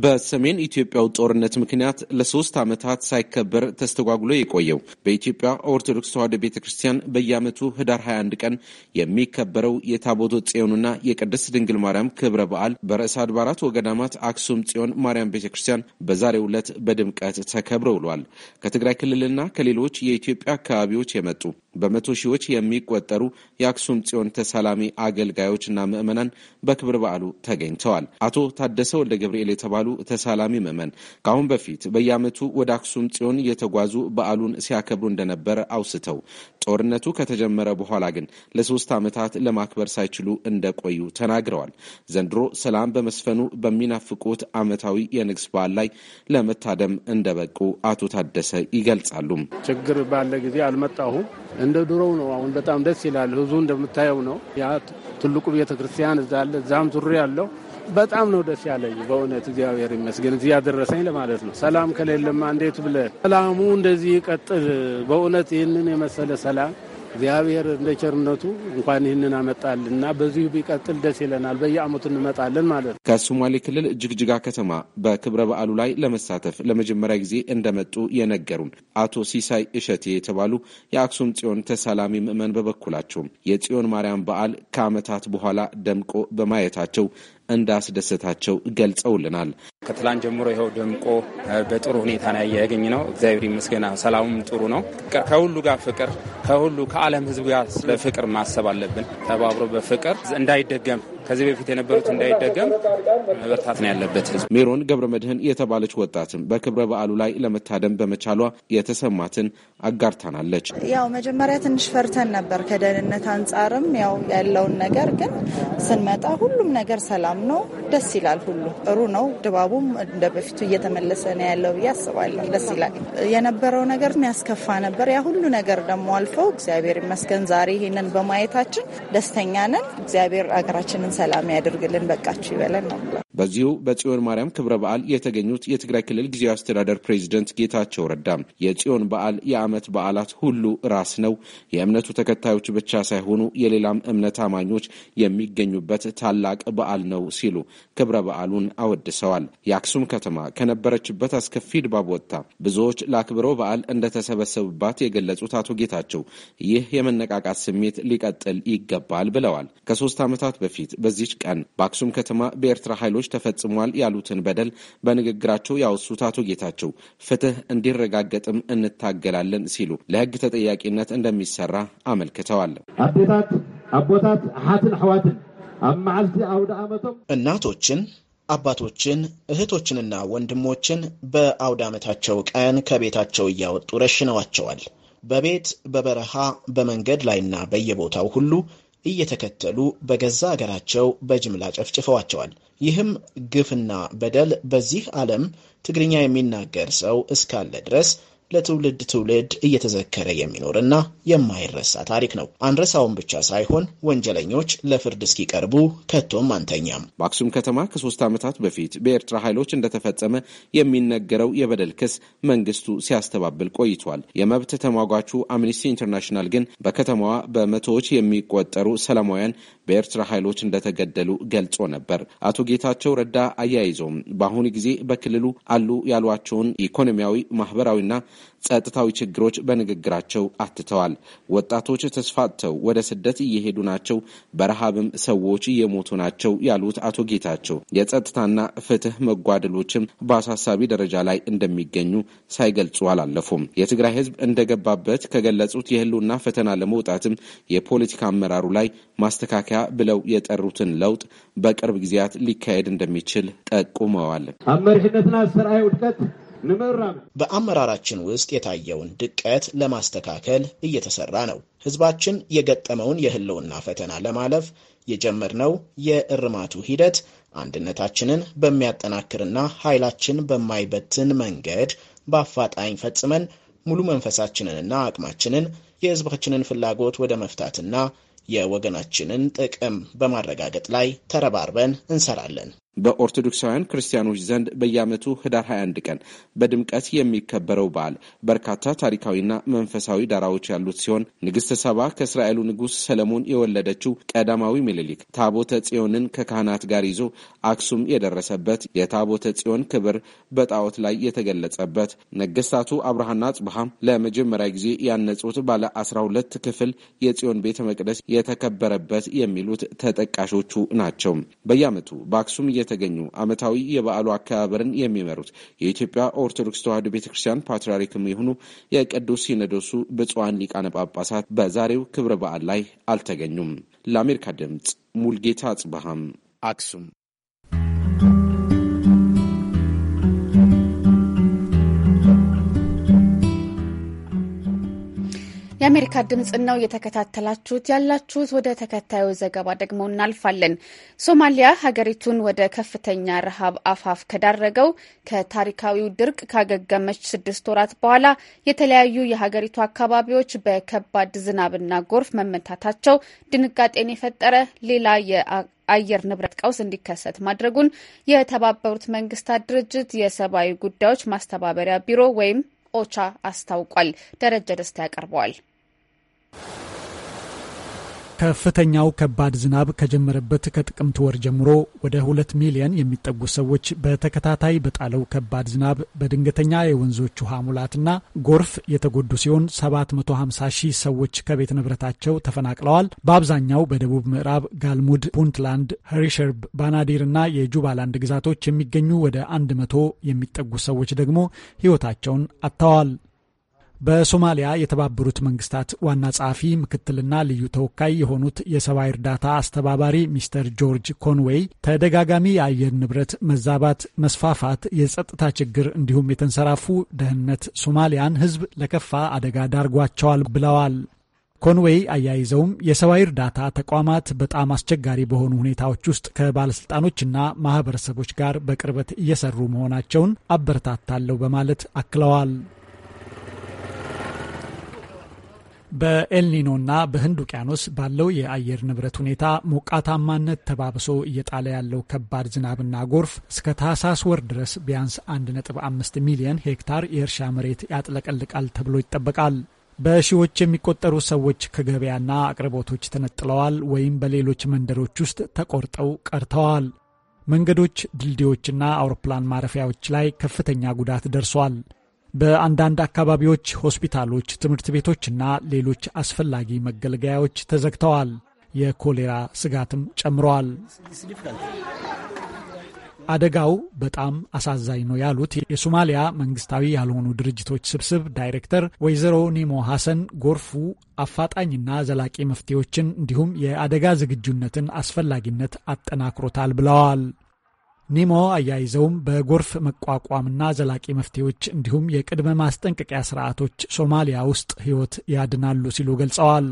በሰሜን ኢትዮጵያው ጦርነት ምክንያት ለሶስት ዓመታት ሳይከበር ተስተጓጉሎ የቆየው በኢትዮጵያ ኦርቶዶክስ ተዋሕዶ ቤተ ክርስቲያን በየዓመቱ ህዳር 21 ቀን የሚከበረው የታቦቶ ጽዮንና የቅድስት ድንግል ማርያም ክብረ በዓል በርዕሰ አድባራት ወገዳማት አክሱም ጽዮን ማርያም ቤተ ክርስቲያን በዛሬው ዕለት በድምቀት ተከብረ ውሏል። ከትግራይ ክልልና ከሌሎች የኢትዮጵያ አካባቢዎች የመጡ በመቶ ሺዎች የሚቆጠሩ የአክሱም ጽዮን ተሳላሚ አገልጋዮችና ምዕመናን በክብረ በዓሉ ተገኝተዋል። አቶ ታደሰ ወልደ ገብርኤል የተባሉ ተሳላሚ ምዕመን ከአሁን በፊት በየዓመቱ ወደ አክሱም ጽዮን እየተጓዙ በዓሉን ሲያከብሩ እንደነበር አውስተው ጦርነቱ ከተጀመረ በኋላ ግን ለሶስት ዓመታት ለማክበር ሳይችሉ እንደቆዩ ተናግረዋል። ዘንድሮ ሰላም በመስፈኑ በሚናፍቁት ዓመታዊ የንግስ በዓል ላይ ለመታደም እንደበቁ አቶ ታደሰ ይገልጻሉ። ችግር ባለ ጊዜ አልመጣሁም እንደ ድሮው ነው። አሁን በጣም ደስ ይላል። ህዝቡ እንደምታየው ነው። ያ ትልቁ ቤተክርስቲያን እዛ አለ፣ እዛም ዙሪ ያለው በጣም ነው ደስ ያለኝ በእውነት እግዚአብሔር ይመስገን እዚህ ያደረሰኝ ለማለት ነው። ሰላም ከሌለማ እንዴት ብለ ሰላሙ እንደዚህ ይቀጥል። በእውነት ይህንን የመሰለ ሰላም እግዚአብሔር እንደ ቸርነቱ እንኳን ይህንን አመጣልና በዚሁ ቢቀጥል ደስ ይለናል። በየአመቱ እንመጣለን ማለት ነው። ከሶማሌ ክልል ጅግጅጋ ከተማ በክብረ በዓሉ ላይ ለመሳተፍ ለመጀመሪያ ጊዜ እንደመጡ የነገሩን አቶ ሲሳይ እሸቴ የተባሉ የአክሱም ጽዮን ተሳላሚ ምዕመን በበኩላቸውም የጽዮን ማርያም በዓል ከዓመታት በኋላ ደምቆ በማየታቸው እንዳስደሰታቸው ገልጸውልናል። ከትላንት ጀምሮ ይኸው ደምቆ በጥሩ ሁኔታ ነው ያገኝ ነው። እግዚአብሔር ይመስገን። ሰላሙም ጥሩ ነው። ከሁሉ ጋር ፍቅር ከሁሉ ከዓለም ህዝብ ጋር በፍቅር ማሰብ አለብን። ተባብሮ በፍቅር እንዳይደገም ከዚህ በፊት የነበሩት እንዳይደገም መበርታት ነው ያለበት ህዝብ። ሜሮን ገብረ መድህን የተባለች ወጣትም በክብረ በዓሉ ላይ ለመታደም በመቻሏ የተሰማትን አጋርታናለች። ያው መጀመሪያ ትንሽ ፈርተን ነበር ከደህንነት አንጻርም ያው ያለውን ነገር ግን ስንመጣ ሁሉም ነገር ሰላም ነው፣ ደስ ይላል። ሁሉ ጥሩ ነው። ድባቡም እንደ በፊቱ እየተመለሰ ነው ያለው ብዬ አስባለሁ። ደስ ይላል። የነበረው ነገር የሚያስከፋ ነበር። ያ ሁሉ ነገር ደግሞ አልፈው እግዚአብሔር ይመስገን ዛሬ ይህንን በማየታችን ደስተኛ ነን። እግዚአብሔር ሀገራችንን ሰላም ያደርግልን፣ በቃችሁ ይበለን ነው። በዚሁ በጽዮን ማርያም ክብረ በዓል የተገኙት የትግራይ ክልል ጊዜያዊ አስተዳደር ፕሬዚደንት ጌታቸው ረዳ የጽዮን በዓል የዓመት በዓላት ሁሉ ራስ ነው፣ የእምነቱ ተከታዮች ብቻ ሳይሆኑ የሌላም እምነት አማኞች የሚገኙበት ታላቅ በዓል ነው ሲሉ ክብረ በዓሉን አወድሰዋል። የአክሱም ከተማ ከነበረችበት አስከፊ ድባብ ወጥታ ብዙዎች ለአክብረው በዓል እንደተሰበሰቡባት የገለጹት አቶ ጌታቸው ይህ የመነቃቃት ስሜት ሊቀጥል ይገባል ብለዋል። ከሶስት ዓመታት በፊት በዚች ቀን በአክሱም ከተማ በኤርትራ ኃይሎች ተፈጽሟል ያሉትን በደል በንግግራቸው ያወሱት አቶ ጌታቸው ፍትህ እንዲረጋገጥም እንታገላለን ሲሉ ለህግ ተጠያቂነት እንደሚሰራ አመልክተዋል። አዴታት አቦታት አሓትን አሕዋትን ኣብ መዓልቲ ኣውደ ዓመቶም እናቶችን አባቶችን እህቶችንና ወንድሞችን በአውደ ዓመታቸው ቀን ከቤታቸው እያወጡ ረሽነዋቸዋል። በቤት በበረሃ በመንገድ ላይና በየቦታው ሁሉ እየተከተሉ በገዛ አገራቸው በጅምላ ጨፍጭፈዋቸዋል። ይህም ግፍና በደል በዚህ ዓለም ትግርኛ የሚናገር ሰው እስካለ ድረስ ለትውልድ ትውልድ እየተዘከረ የሚኖርና የማይረሳ ታሪክ ነው። አንረሳውን ብቻ ሳይሆን ወንጀለኞች ለፍርድ እስኪቀርቡ ከቶም አንተኛም። በአክሱም ከተማ ከሶስት ዓመታት በፊት በኤርትራ ኃይሎች እንደተፈጸመ የሚነገረው የበደል ክስ መንግስቱ ሲያስተባብል ቆይቷል። የመብት ተሟጓቹ አምኒስቲ ኢንተርናሽናል ግን በከተማዋ በመቶዎች የሚቆጠሩ ሰላማውያን በኤርትራ ኃይሎች እንደተገደሉ ገልጾ ነበር። አቶ ጌታቸው ረዳ አያይዘውም በአሁኑ ጊዜ በክልሉ አሉ ያሏቸውን ኢኮኖሚያዊ፣ ማህበራዊና ጸጥታዊ ችግሮች በንግግራቸው አትተዋል። ወጣቶች ተስፋተው ወደ ስደት እየሄዱ ናቸው፣ በረሃብም ሰዎች እየሞቱ ናቸው ያሉት አቶ ጌታቸው የጸጥታና ፍትህ መጓደሎችም በአሳሳቢ ደረጃ ላይ እንደሚገኙ ሳይገልጹ አላለፉም። የትግራይ ህዝብ እንደገባበት ከገለጹት የህልውና ፈተና ለመውጣትም የፖለቲካ አመራሩ ላይ ማስተካከያ ብለው የጠሩትን ለውጥ በቅርብ ጊዜያት ሊካሄድ እንደሚችል ጠቁመዋል። በአመራራችን ውስጥ የታየውን ድቀት ለማስተካከል እየተሰራ ነው። ህዝባችን የገጠመውን የህልውና ፈተና ለማለፍ የጀመርነው የእርማቱ ሂደት አንድነታችንን በሚያጠናክርና ኃይላችን በማይበትን መንገድ በአፋጣኝ ፈጽመን ሙሉ መንፈሳችንንና አቅማችንን የህዝባችንን ፍላጎት ወደ መፍታትና የወገናችንን ጥቅም በማረጋገጥ ላይ ተረባርበን እንሰራለን። በኦርቶዶክሳውያን ክርስቲያኖች ዘንድ በየዓመቱ ህዳር 21 ቀን በድምቀት የሚከበረው በዓል በርካታ ታሪካዊና መንፈሳዊ ዳራዎች ያሉት ሲሆን ንግሥተ ሰባ ከእስራኤሉ ንጉሥ ሰለሞን የወለደችው ቀዳማዊ ምኒልክ ታቦተ ጽዮንን ከካህናት ጋር ይዞ አክሱም የደረሰበት የታቦተ ጽዮን ክብር በጣዖት ላይ የተገለጸበት ነገሥታቱ አብርሃና ጽብሃ ለመጀመሪያ ጊዜ ያነጹት ባለ 12 ክፍል የጽዮን ቤተ መቅደስ የተከበረበት የሚሉት ተጠቃሾቹ ናቸው። በየዓመቱ በአክሱም የተገኙ ዓመታዊ የበዓሉ አከባበርን የሚመሩት የኢትዮጵያ ኦርቶዶክስ ተዋሕዶ ቤተ ክርስቲያን ፓትርያርክም የሆኑ የቅዱስ ሲኖዶሱ ብፁዓን ሊቃነ ጳጳሳት በዛሬው ክብረ በዓል ላይ አልተገኙም። ለአሜሪካ ድምፅ ሙልጌታ አጽበሃም አክሱም የአሜሪካ ድምፅን ነው እየተከታተላችሁት ያላችሁት። ወደ ተከታዩ ዘገባ ደግሞ እናልፋለን። ሶማሊያ ሀገሪቱን ወደ ከፍተኛ ረሃብ አፋፍ ከዳረገው ከታሪካዊው ድርቅ ካገገመች ስድስት ወራት በኋላ የተለያዩ የሀገሪቱ አካባቢዎች በከባድ ዝናብና ጎርፍ መመታታቸው ድንጋጤን የፈጠረ ሌላ የአየር ንብረት ቀውስ እንዲከሰት ማድረጉን የተባበሩት መንግስታት ድርጅት የሰብአዊ ጉዳዮች ማስተባበሪያ ቢሮ ወይም ኦቻ አስታውቋል። ደረጀ ደስታ ያቀርበዋል። ከፍተኛው ከባድ ዝናብ ከጀመረበት ከጥቅምት ወር ጀምሮ ወደ ሁለት ሚሊየን የሚጠጉ ሰዎች በተከታታይ በጣለው ከባድ ዝናብ በድንገተኛ የወንዞች ውሃ ሙላትና ጎርፍ የተጎዱ ሲሆን 750 ሺህ ሰዎች ከቤት ንብረታቸው ተፈናቅለዋል። በአብዛኛው በደቡብ ምዕራብ ጋልሙድ፣ ፑንትላንድ፣ ሪሸርብ፣ ባናዲር እና የጁባላንድ ግዛቶች የሚገኙ ወደ አንድ መቶ የሚጠጉ ሰዎች ደግሞ ሕይወታቸውን አጥተዋል። በሶማሊያ የተባበሩት መንግስታት ዋና ጸሐፊ ምክትልና ልዩ ተወካይ የሆኑት የሰብአዊ እርዳታ አስተባባሪ ሚስተር ጆርጅ ኮንዌይ ተደጋጋሚ የአየር ንብረት መዛባት፣ መስፋፋት፣ የጸጥታ ችግር እንዲሁም የተንሰራፉ ደህንነት ሶማሊያን ህዝብ ለከፋ አደጋ ዳርጓቸዋል ብለዋል። ኮንዌይ አያይዘውም የሰብአዊ እርዳታ ተቋማት በጣም አስቸጋሪ በሆኑ ሁኔታዎች ውስጥ ከባለስልጣኖችና ማህበረሰቦች ጋር በቅርበት እየሰሩ መሆናቸውን አበረታታለሁ በማለት አክለዋል። በኤልኒኖ እና በህንድ ውቅያኖስ ባለው የአየር ንብረት ሁኔታ ሞቃታማነት ተባብሶ እየጣለ ያለው ከባድ ዝናብና ጎርፍ እስከ ታህሳስ ወር ድረስ ቢያንስ 1.5 ሚሊዮን ሄክታር የእርሻ መሬት ያጥለቀልቃል ተብሎ ይጠበቃል። በሺዎች የሚቆጠሩ ሰዎች ከገበያና አቅርቦቶች ተነጥለዋል ወይም በሌሎች መንደሮች ውስጥ ተቆርጠው ቀርተዋል። መንገዶች፣ ድልድዮችና አውሮፕላን ማረፊያዎች ላይ ከፍተኛ ጉዳት ደርሷል። በአንዳንድ አካባቢዎች ሆስፒታሎች፣ ትምህርት ቤቶችና ሌሎች አስፈላጊ መገልገያዎች ተዘግተዋል። የኮሌራ ስጋትም ጨምረዋል። አደጋው በጣም አሳዛኝ ነው ያሉት የሶማሊያ መንግስታዊ ያልሆኑ ድርጅቶች ስብስብ ዳይሬክተር ወይዘሮ ኒሞ ሐሰን ጎርፉ አፋጣኝና ዘላቂ መፍትሄዎችን እንዲሁም የአደጋ ዝግጁነትን አስፈላጊነት አጠናክሮታል ብለዋል። ኒሞ አያይዘውም በጎርፍ መቋቋምና ዘላቂ መፍትሄዎች እንዲሁም የቅድመ ማስጠንቀቂያ ስርዓቶች ሶማሊያ ውስጥ ሕይወት ያድናሉ ሲሉ ገልጸዋል።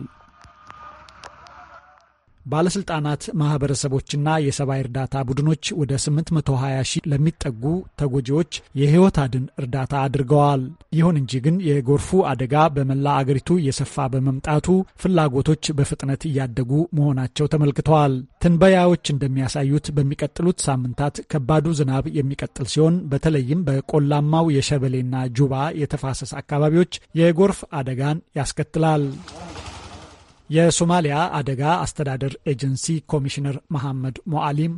ባለስልጣናት፣ ማህበረሰቦችና የሰብአዊ እርዳታ ቡድኖች ወደ 820 ሺህ ለሚጠጉ ተጎጂዎች የህይወት አድን እርዳታ አድርገዋል። ይሁን እንጂ ግን የጎርፉ አደጋ በመላ አገሪቱ እየሰፋ በመምጣቱ ፍላጎቶች በፍጥነት እያደጉ መሆናቸው ተመልክተዋል። ትንበያዎች እንደሚያሳዩት በሚቀጥሉት ሳምንታት ከባዱ ዝናብ የሚቀጥል ሲሆን በተለይም በቆላማው የሸበሌና ጁባ የተፋሰስ አካባቢዎች የጎርፍ አደጋን ያስከትላል። የሶማሊያ አደጋ አስተዳደር ኤጀንሲ ኮሚሽነር መሐመድ ሞአሊም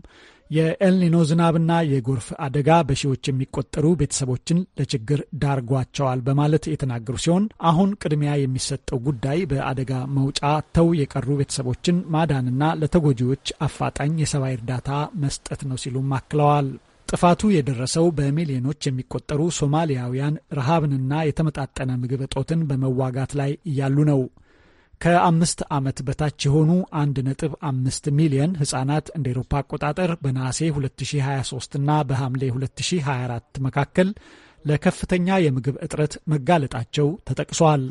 የኤልኒኖ ዝናብና የጎርፍ አደጋ በሺዎች የሚቆጠሩ ቤተሰቦችን ለችግር ዳርጓቸዋል በማለት የተናገሩ ሲሆን አሁን ቅድሚያ የሚሰጠው ጉዳይ በአደጋ መውጫ ተው የቀሩ ቤተሰቦችን ማዳንና ለተጎጂዎች አፋጣኝ የሰብአዊ እርዳታ መስጠት ነው ሲሉም አክለዋል። ጥፋቱ የደረሰው በሚሊዮኖች የሚቆጠሩ ሶማሊያውያን ረሃብንና የተመጣጠነ ምግብ እጦትን በመዋጋት ላይ እያሉ ነው። ከአምስት ዓመት በታች የሆኑ 1.5 ሚሊዮን ህጻናት እንደ ኤሮፓ አቆጣጠር በነሐሴ 2023 እና በሐምሌ 2024 መካከል ለከፍተኛ የምግብ እጥረት መጋለጣቸው ተጠቅሷል።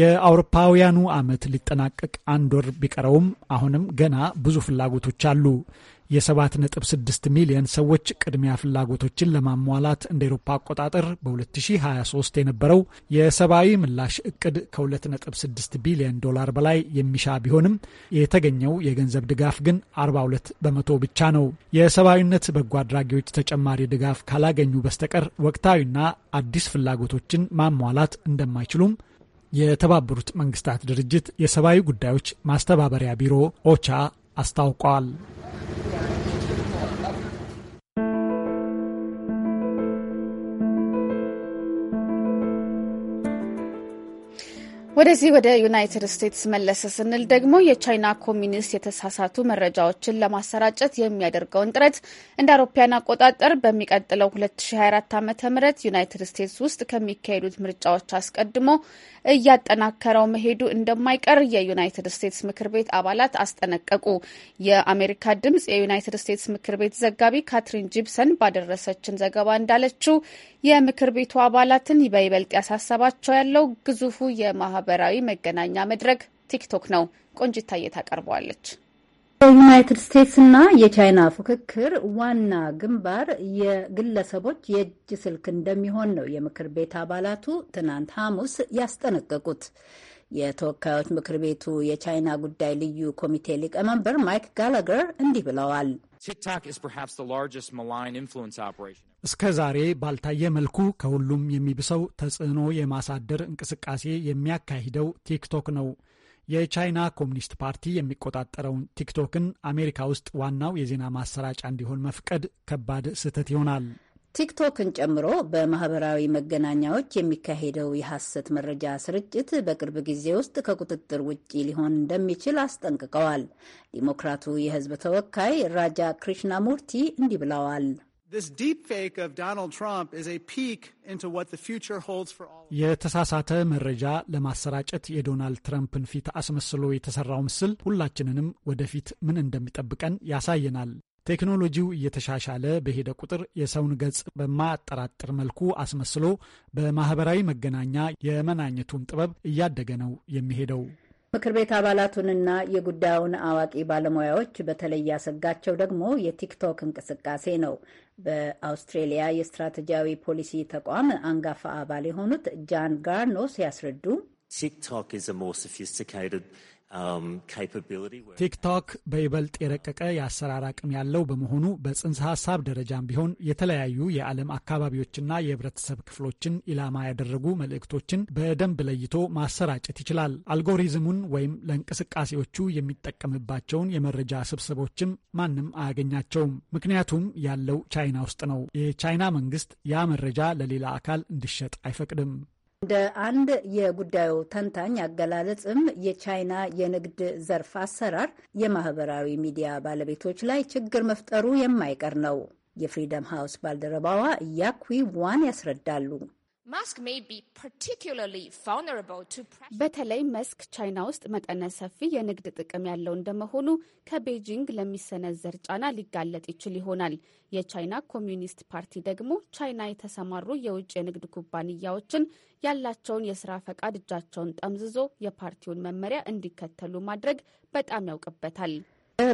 የአውሮፓውያኑ ዓመት ሊጠናቀቅ አንድ ወር ቢቀረውም አሁንም ገና ብዙ ፍላጎቶች አሉ። የ7.6 ሚሊዮን ሰዎች ቅድሚያ ፍላጎቶችን ለማሟላት እንደ ኤሮፓ አቆጣጠር በ2023 የነበረው የሰብአዊ ምላሽ እቅድ ከ2.6 ቢሊዮን ዶላር በላይ የሚሻ ቢሆንም የተገኘው የገንዘብ ድጋፍ ግን 42 በመቶ ብቻ ነው። የሰብአዊነት በጎ አድራጊዎች ተጨማሪ ድጋፍ ካላገኙ በስተቀር ወቅታዊና አዲስ ፍላጎቶችን ማሟላት እንደማይችሉም የተባበሩት መንግስታት ድርጅት የሰብአዊ ጉዳዮች ማስተባበሪያ ቢሮ ኦቻ አስታውቋል። Yeah. ወደዚህ ወደ ዩናይትድ ስቴትስ መለስ ስንል ደግሞ የቻይና ኮሚኒስት የተሳሳቱ መረጃዎችን ለማሰራጨት የሚያደርገውን ጥረት እንደ አውሮፓያን አቆጣጠር በሚቀጥለው 2024 ዓ ም ዩናይትድ ስቴትስ ውስጥ ከሚካሄዱት ምርጫዎች አስቀድሞ እያጠናከረው መሄዱ እንደማይቀር የዩናይትድ ስቴትስ ምክር ቤት አባላት አስጠነቀቁ። የአሜሪካ ድምጽ የዩናይትድ ስቴትስ ምክር ቤት ዘጋቢ ካትሪን ጂፕሰን ባደረሰችን ዘገባ እንዳለችው የምክር ቤቱ አባላትን በይበልጥ ያሳሰባቸው ያለው ግዙፉ የማህበራዊ መገናኛ መድረክ ቲክቶክ ነው። ቆንጅታዬ ታቀርበዋለች። የዩናይትድ ስቴትስ እና የቻይና ፉክክር ዋና ግንባር የግለሰቦች የእጅ ስልክ እንደሚሆን ነው የምክር ቤት አባላቱ ትናንት ሐሙስ ያስጠነቀቁት። የተወካዮች ምክር ቤቱ የቻይና ጉዳይ ልዩ ኮሚቴ ሊቀመንበር ማይክ ጋላገር እንዲህ ብለዋል። እስከ ዛሬ ባልታየ መልኩ ከሁሉም የሚብሰው ተጽዕኖ የማሳደር እንቅስቃሴ የሚያካሂደው ቲክቶክ ነው። የቻይና ኮሚኒስት ፓርቲ የሚቆጣጠረውን ቲክቶክን አሜሪካ ውስጥ ዋናው የዜና ማሰራጫ እንዲሆን መፍቀድ ከባድ ስህተት ይሆናል። ቲክቶክን ጨምሮ በማህበራዊ መገናኛዎች የሚካሄደው የሐሰት መረጃ ስርጭት በቅርብ ጊዜ ውስጥ ከቁጥጥር ውጪ ሊሆን እንደሚችል አስጠንቅቀዋል። ዲሞክራቱ የሕዝብ ተወካይ ራጃ ክሪሽናሙርቲ እንዲህ ብለዋል። የተሳሳተ መረጃ ለማሰራጨት የዶናልድ ትራምፕን ፊት አስመስሎ የተሰራው ምስል ሁላችንንም ወደፊት ምን እንደሚጠብቀን ያሳየናል። ቴክኖሎጂው እየተሻሻለ በሄደ ቁጥር የሰውን ገጽ በማያጠራጥር መልኩ አስመስሎ በማህበራዊ መገናኛ የመናኘቱን ጥበብ እያደገ ነው የሚሄደው። ምክር ቤት አባላቱንና የጉዳዩን አዋቂ ባለሙያዎች በተለይ ያሰጋቸው ደግሞ የቲክቶክ እንቅስቃሴ ነው። በአውስትሬሊያ የስትራቴጂያዊ ፖሊሲ ተቋም አንጋፋ አባል የሆኑት ጃን ጋርኖስ ያስረዱ ቲክቶክ Um, ቲክቶክ በይበልጥ የረቀቀ የአሰራር አቅም ያለው በመሆኑ በጽንሰ ሀሳብ ደረጃም ቢሆን የተለያዩ የዓለም አካባቢዎችና የህብረተሰብ ክፍሎችን ኢላማ ያደረጉ መልእክቶችን በደንብ ለይቶ ማሰራጨት ይችላል። አልጎሪዝሙን ወይም ለእንቅስቃሴዎቹ የሚጠቀምባቸውን የመረጃ ስብስቦችም ማንም አያገኛቸውም። ምክንያቱም ያለው ቻይና ውስጥ ነው። የቻይና መንግስት ያ መረጃ ለሌላ አካል እንዲሸጥ አይፈቅድም። እንደ አንድ የጉዳዩ ተንታኝ አገላለጽም የቻይና የንግድ ዘርፍ አሰራር የማህበራዊ ሚዲያ ባለቤቶች ላይ ችግር መፍጠሩ የማይቀር ነው። የፍሪደም ሃውስ ባልደረባዋ እያኩ ዋን ያስረዳሉ። በተለይ መስክ ቻይና ውስጥ መጠነ ሰፊ የንግድ ጥቅም ያለው እንደመሆኑ ከቤጂንግ ለሚሰነዘር ጫና ሊጋለጥ ይችል ይሆናል። የቻይና ኮሚዩኒስት ፓርቲ ደግሞ ቻይና የተሰማሩ የውጭ የንግድ ኩባንያዎችን ያላቸውን የስራ ፈቃድ እጃቸውን ጠምዝዞ የፓርቲውን መመሪያ እንዲከተሉ ማድረግ በጣም ያውቅበታል።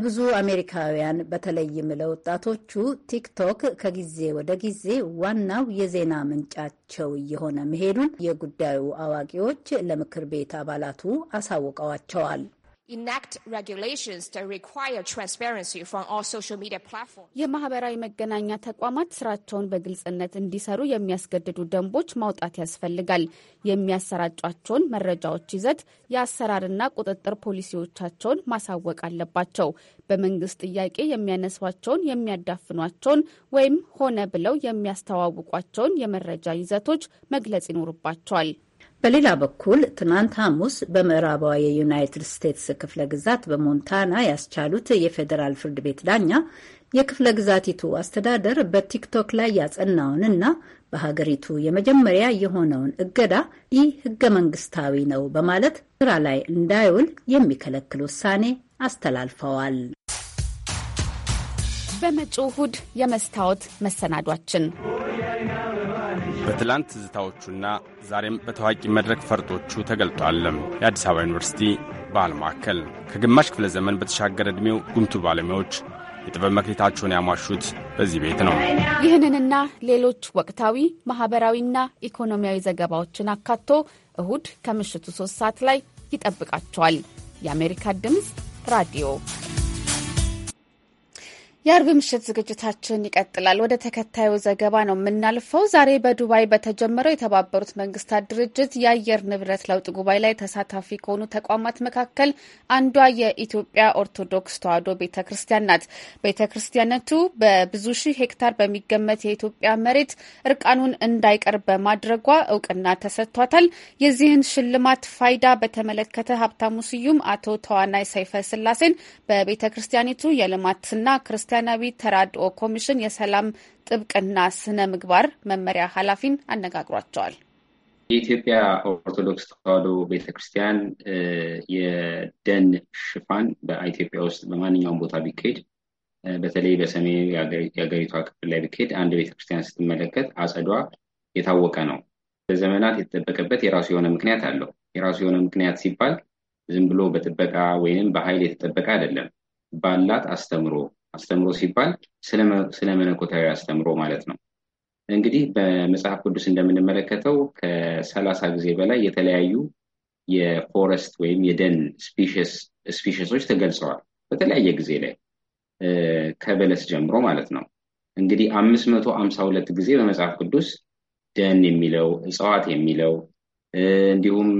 ብዙ አሜሪካውያን በተለይም ለወጣቶቹ ቲክቶክ ከጊዜ ወደ ጊዜ ዋናው የዜና ምንጫቸው እየሆነ መሄዱን የጉዳዩ አዋቂዎች ለምክር ቤት አባላቱ አሳውቀዋቸዋል። enact regulations that require transparency from all social media platforms. የማህበራዊ መገናኛ ተቋማት ስራቸውን በግልጽነት እንዲሰሩ የሚያስገድዱ ደንቦች ማውጣት ያስፈልጋል። የሚያሰራጯቸውን መረጃዎች ይዘት፣ የአሰራርና ቁጥጥር ፖሊሲዎቻቸውን ማሳወቅ አለባቸው። በመንግስት ጥያቄ የሚያነሷቸውን፣ የሚያዳፍኗቸውን ወይም ሆነ ብለው የሚያስተዋውቋቸውን የመረጃ ይዘቶች መግለጽ ይኖርባቸዋል። በሌላ በኩል ትናንት ሐሙስ በምዕራባዊ የዩናይትድ ስቴትስ ክፍለ ግዛት በሞንታና ያስቻሉት የፌዴራል ፍርድ ቤት ዳኛ የክፍለ ግዛቲቱ አስተዳደር በቲክቶክ ላይ ያጸናውንና በሀገሪቱ የመጀመሪያ የሆነውን እገዳ ይህ ህገ መንግስታዊ ነው በማለት ስራ ላይ እንዳይውል የሚከለክል ውሳኔ አስተላልፈዋል። በመጪው እሁድ የመስታወት መሰናዷችን በትላንት ትዝታዎቹና ዛሬም በታዋቂ መድረክ ፈርጦቹ ተገልጧል። የአዲስ አበባ ዩኒቨርሲቲ ባህል ማዕከል ከግማሽ ክፍለ ዘመን በተሻገረ ዕድሜው ጉምቱ ባለሙያዎች የጥበብ መክሊታቸውን ያሟሹት በዚህ ቤት ነው። ይህንንና ሌሎች ወቅታዊ ማህበራዊና ኢኮኖሚያዊ ዘገባዎችን አካቶ እሁድ ከምሽቱ ሶስት ሰዓት ላይ ይጠብቃቸዋል። የአሜሪካ ድምፅ ራዲዮ የአርብ ምሽት ዝግጅታችን ይቀጥላል። ወደ ተከታዩ ዘገባ ነው የምናልፈው። ዛሬ በዱባይ በተጀመረው የተባበሩት መንግስታት ድርጅት የአየር ንብረት ለውጥ ጉባኤ ላይ ተሳታፊ ከሆኑ ተቋማት መካከል አንዷ የኢትዮጵያ ኦርቶዶክስ ተዋሕዶ ቤተ ክርስቲያን ናት። ቤተ ክርስቲያነቱ በብዙ ሺህ ሄክታር በሚገመት የኢትዮጵያ መሬት እርቃኑን እንዳይቀር በማድረጓ እውቅና ተሰጥቷታል። የዚህን ሽልማት ፋይዳ በተመለከተ ሀብታሙ ስዩም አቶ ተዋናይ ሰይፈ ስላሴን በቤተ ክርስቲያኒቱ የልማትና ክርስቲያ ምስጋናዊ ተራድኦ ኮሚሽን የሰላም ጥብቅና ስነ ምግባር መመሪያ ኃላፊን አነጋግሯቸዋል። የኢትዮጵያ ኦርቶዶክስ ተዋሕዶ ቤተክርስቲያን የደን ሽፋን በኢትዮጵያ ውስጥ በማንኛውም ቦታ ቢካሄድ በተለይ በሰሜን የሀገሪቷ ክፍል ላይ ቢካሄድ አንድ ቤተክርስቲያን ስትመለከት አጸዷ የታወቀ ነው። በዘመናት የተጠበቀበት የራሱ የሆነ ምክንያት አለው። የራሱ የሆነ ምክንያት ሲባል ዝም ብሎ በጥበቃ ወይም በኃይል የተጠበቀ አይደለም። ባላት አስተምሮ አስተምሮ ሲባል ስለ መለኮታዊ አስተምሮ ማለት ነው። እንግዲህ በመጽሐፍ ቅዱስ እንደምንመለከተው ከሰላሳ ጊዜ በላይ የተለያዩ የፎረስት ወይም የደን ስፒሽሶች ተገልጸዋል በተለያየ ጊዜ ላይ ከበለስ ጀምሮ ማለት ነው። እንግዲህ አምስት መቶ አምሳ ሁለት ጊዜ በመጽሐፍ ቅዱስ ደን የሚለው እጽዋት የሚለው እንዲሁም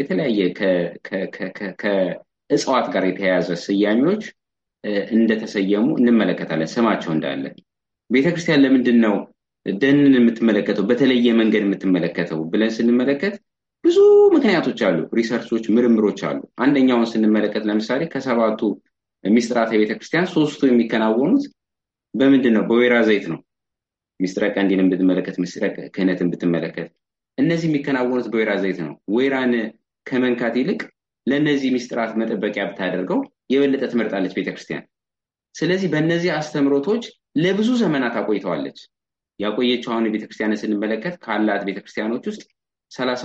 የተለያየ ከእጽዋት ጋር የተያያዘ ስያሜዎች እንደተሰየሙ እንመለከታለን። ስማቸው እንዳለ ቤተክርስቲያን ለምንድን ነው ደንን የምትመለከተው በተለየ መንገድ የምትመለከተው ብለን ስንመለከት ብዙ ምክንያቶች አሉ፣ ሪሰርቾች፣ ምርምሮች አሉ። አንደኛውን ስንመለከት ለምሳሌ ከሰባቱ ሚስጥራተ ቤተክርስቲያን ሶስቱ የሚከናወኑት በምንድን ነው? በወይራ ዘይት ነው። ሚስጥረ ቀንዲን ብትመለከት፣ ሚስጥረ ክህነትን ብትመለከት እነዚህ የሚከናወኑት በወይራ ዘይት ነው። ወይራን ከመንካት ይልቅ ለእነዚህ ሚስጥራት መጠበቂያ ብታደርገው የበለጠ ትመርጣለች ቤተክርስቲያን። ስለዚህ በእነዚህ አስተምሮቶች ለብዙ ዘመናት አቆይተዋለች። ያቆየችው አሁን ቤተክርስቲያን ስንመለከት ካላት ቤተክርስቲያኖች ውስጥ ሰላሳ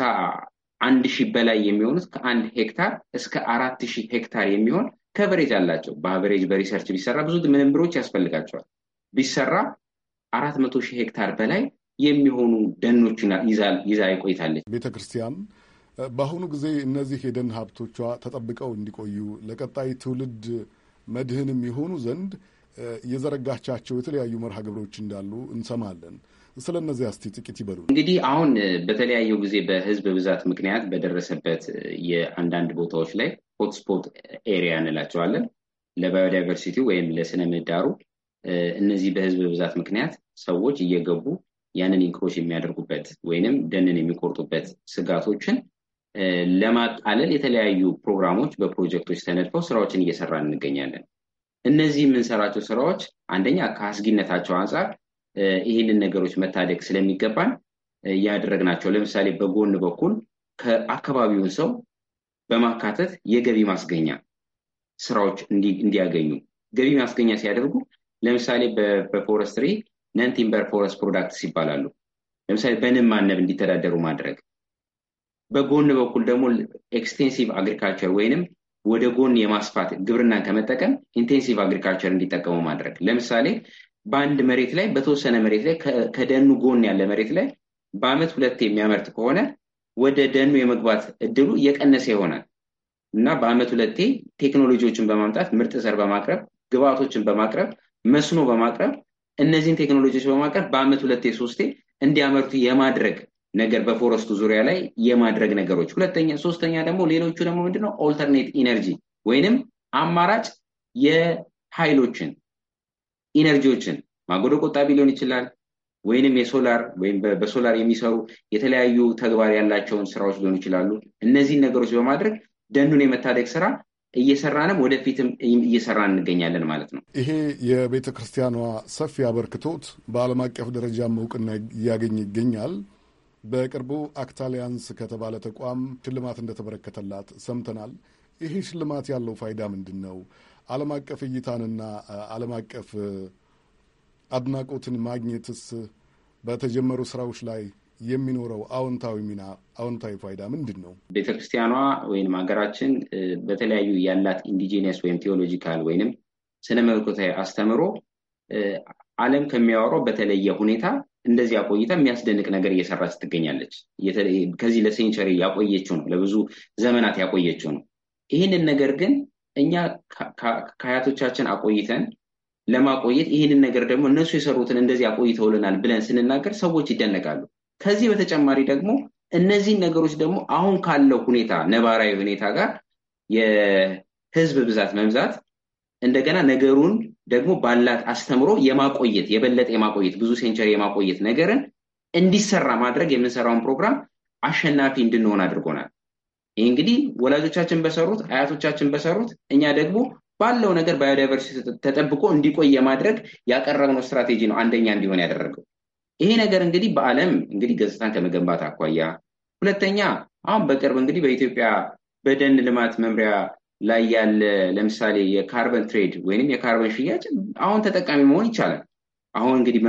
አንድ ሺህ በላይ የሚሆኑት ከአንድ ሄክታር እስከ አራት ሺህ ሄክታር የሚሆን ከቨሬጅ አላቸው። በአቨሬጅ በሪሰርች ቢሰራ ብዙ ምንምብሮች ያስፈልጋቸዋል። ቢሰራ አራት መቶ ሺህ ሄክታር በላይ የሚሆኑ ደኖችን ይዛ ይቆይታለች ቤተክርስቲያን። በአሁኑ ጊዜ እነዚህ የደን ሀብቶቿ ተጠብቀው እንዲቆዩ ለቀጣይ ትውልድ መድህንም የሆኑ ዘንድ የዘረጋቻቸው የተለያዩ መርሃ ግብሮች እንዳሉ እንሰማለን። ስለ እነዚህ አስቲ ጥቂት ይበሉ። እንግዲህ አሁን በተለያየው ጊዜ በህዝብ ብዛት ምክንያት በደረሰበት የአንዳንድ ቦታዎች ላይ ሆትስፖት ኤሪያ እንላቸዋለን ለባዮዳይቨርሲቲ ወይም ለስነ ምህዳሩ እነዚህ በህዝብ ብዛት ምክንያት ሰዎች እየገቡ ያንን ኢንክሮች የሚያደርጉበት ወይንም ደንን የሚቆርጡበት ስጋቶችን ለማቃለል የተለያዩ ፕሮግራሞች በፕሮጀክቶች ተነድፈው ስራዎችን እየሰራን እንገኛለን። እነዚህ የምንሰራቸው ስራዎች አንደኛ ከአስጊነታቸው አንጻር ይህንን ነገሮች መታደግ ስለሚገባን ናቸው ለምሳሌ በጎን በኩል ከአካባቢውን ሰው በማካተት የገቢ ማስገኛ ስራዎች እንዲያገኙ ገቢ ማስገኛ ሲያደርጉ ለምሳሌ በፎረስትሪ ነን ቲምበር ፎረስት ፕሮዳክትስ ይባላሉ። ለምሳሌ በንብ ማነብ እንዲተዳደሩ ማድረግ በጎን በኩል ደግሞ ኤክስቴንሲቭ አግሪካልቸር ወይንም ወደ ጎን የማስፋት ግብርናን ከመጠቀም ኢንቴንሲቭ አግሪካልቸር እንዲጠቀሙ ማድረግ። ለምሳሌ በአንድ መሬት ላይ በተወሰነ መሬት ላይ ከደኑ ጎን ያለ መሬት ላይ በአመት ሁለቴ የሚያመርት ከሆነ ወደ ደኑ የመግባት እድሉ እየቀነሰ ይሆናል እና በአመት ሁለቴ ቴክኖሎጂዎችን በማምጣት ምርጥ ዘር በማቅረብ ግብአቶችን በማቅረብ መስኖ በማቅረብ እነዚህን ቴክኖሎጂዎች በማቅረብ በአመት ሁለቴ ሶስቴ እንዲያመርቱ የማድረግ ነገር በፎረስቱ ዙሪያ ላይ የማድረግ ነገሮች፣ ሁለተኛ ሶስተኛ ደግሞ ሌሎቹ ደግሞ ምንድነው ኦልተርኔት ኢነርጂ ወይንም አማራጭ የኃይሎችን ኢነርጂዎችን ማጎዶ ቆጣቢ ሊሆን ይችላል ወይንም የሶላር ወይም በሶላር የሚሰሩ የተለያዩ ተግባር ያላቸውን ስራዎች ሊሆኑ ይችላሉ። እነዚህን ነገሮች በማድረግ ደኑን የመታደግ ስራ እየሰራንም ወደፊትም እየሰራን እንገኛለን ማለት ነው። ይሄ የቤተ ክርስቲያኗ ሰፊ አበርክቶት በአለም አቀፍ ደረጃ እውቅና እያገኝ ይገኛል። በቅርቡ አክታሊያንስ ከተባለ ተቋም ሽልማት እንደተበረከተላት ሰምተናል። ይህ ሽልማት ያለው ፋይዳ ምንድን ነው? ዓለም አቀፍ እይታንና ዓለም አቀፍ አድናቆትን ማግኘትስ በተጀመሩ ስራዎች ላይ የሚኖረው አዎንታዊ ሚና አዎንታዊ ፋይዳ ምንድን ነው? ቤተክርስቲያኗ ወይም ሀገራችን በተለያዩ ያላት ኢንዲጂነስ ወይም ቴዎሎጂካል ወይንም ስነ መለኮታዊ አስተምሮ ዓለም ከሚያወራው በተለየ ሁኔታ እንደዚህ አቆይታ የሚያስደንቅ ነገር እየሰራች ትገኛለች። ከዚህ ለሴንቸሪ ያቆየችው ነው፣ ለብዙ ዘመናት ያቆየችው ነው። ይህንን ነገር ግን እኛ ከአያቶቻችን አቆይተን ለማቆየት ይህንን ነገር ደግሞ እነሱ የሰሩትን እንደዚህ አቆይተውልናል ብለን ስንናገር ሰዎች ይደነቃሉ። ከዚህ በተጨማሪ ደግሞ እነዚህን ነገሮች ደግሞ አሁን ካለው ሁኔታ ነባራዊ ሁኔታ ጋር የህዝብ ብዛት መብዛት እንደገና ነገሩን ደግሞ ባላት አስተምሮ የማቆየት የበለጠ የማቆየት ብዙ ሴንቸሪ የማቆየት ነገርን እንዲሰራ ማድረግ የምንሰራውን ፕሮግራም አሸናፊ እንድንሆን አድርጎናል። ይህ እንግዲህ ወላጆቻችን በሰሩት አያቶቻችን በሰሩት እኛ ደግሞ ባለው ነገር ባዮዳይቨርሲቲ ተጠብቆ እንዲቆይ የማድረግ ያቀረብነው ስትራቴጂ ነው አንደኛ እንዲሆን ያደረገው። ይሄ ነገር እንግዲህ በዓለም እንግዲህ ገጽታን ከመገንባት አኳያ፣ ሁለተኛ አሁን በቅርብ እንግዲህ በኢትዮጵያ በደን ልማት መምሪያ ላይ ያለ ለምሳሌ የካርበን ትሬድ ወይም የካርበን ሽያጭ አሁን ተጠቃሚ መሆን ይቻላል። አሁን እንግዲህ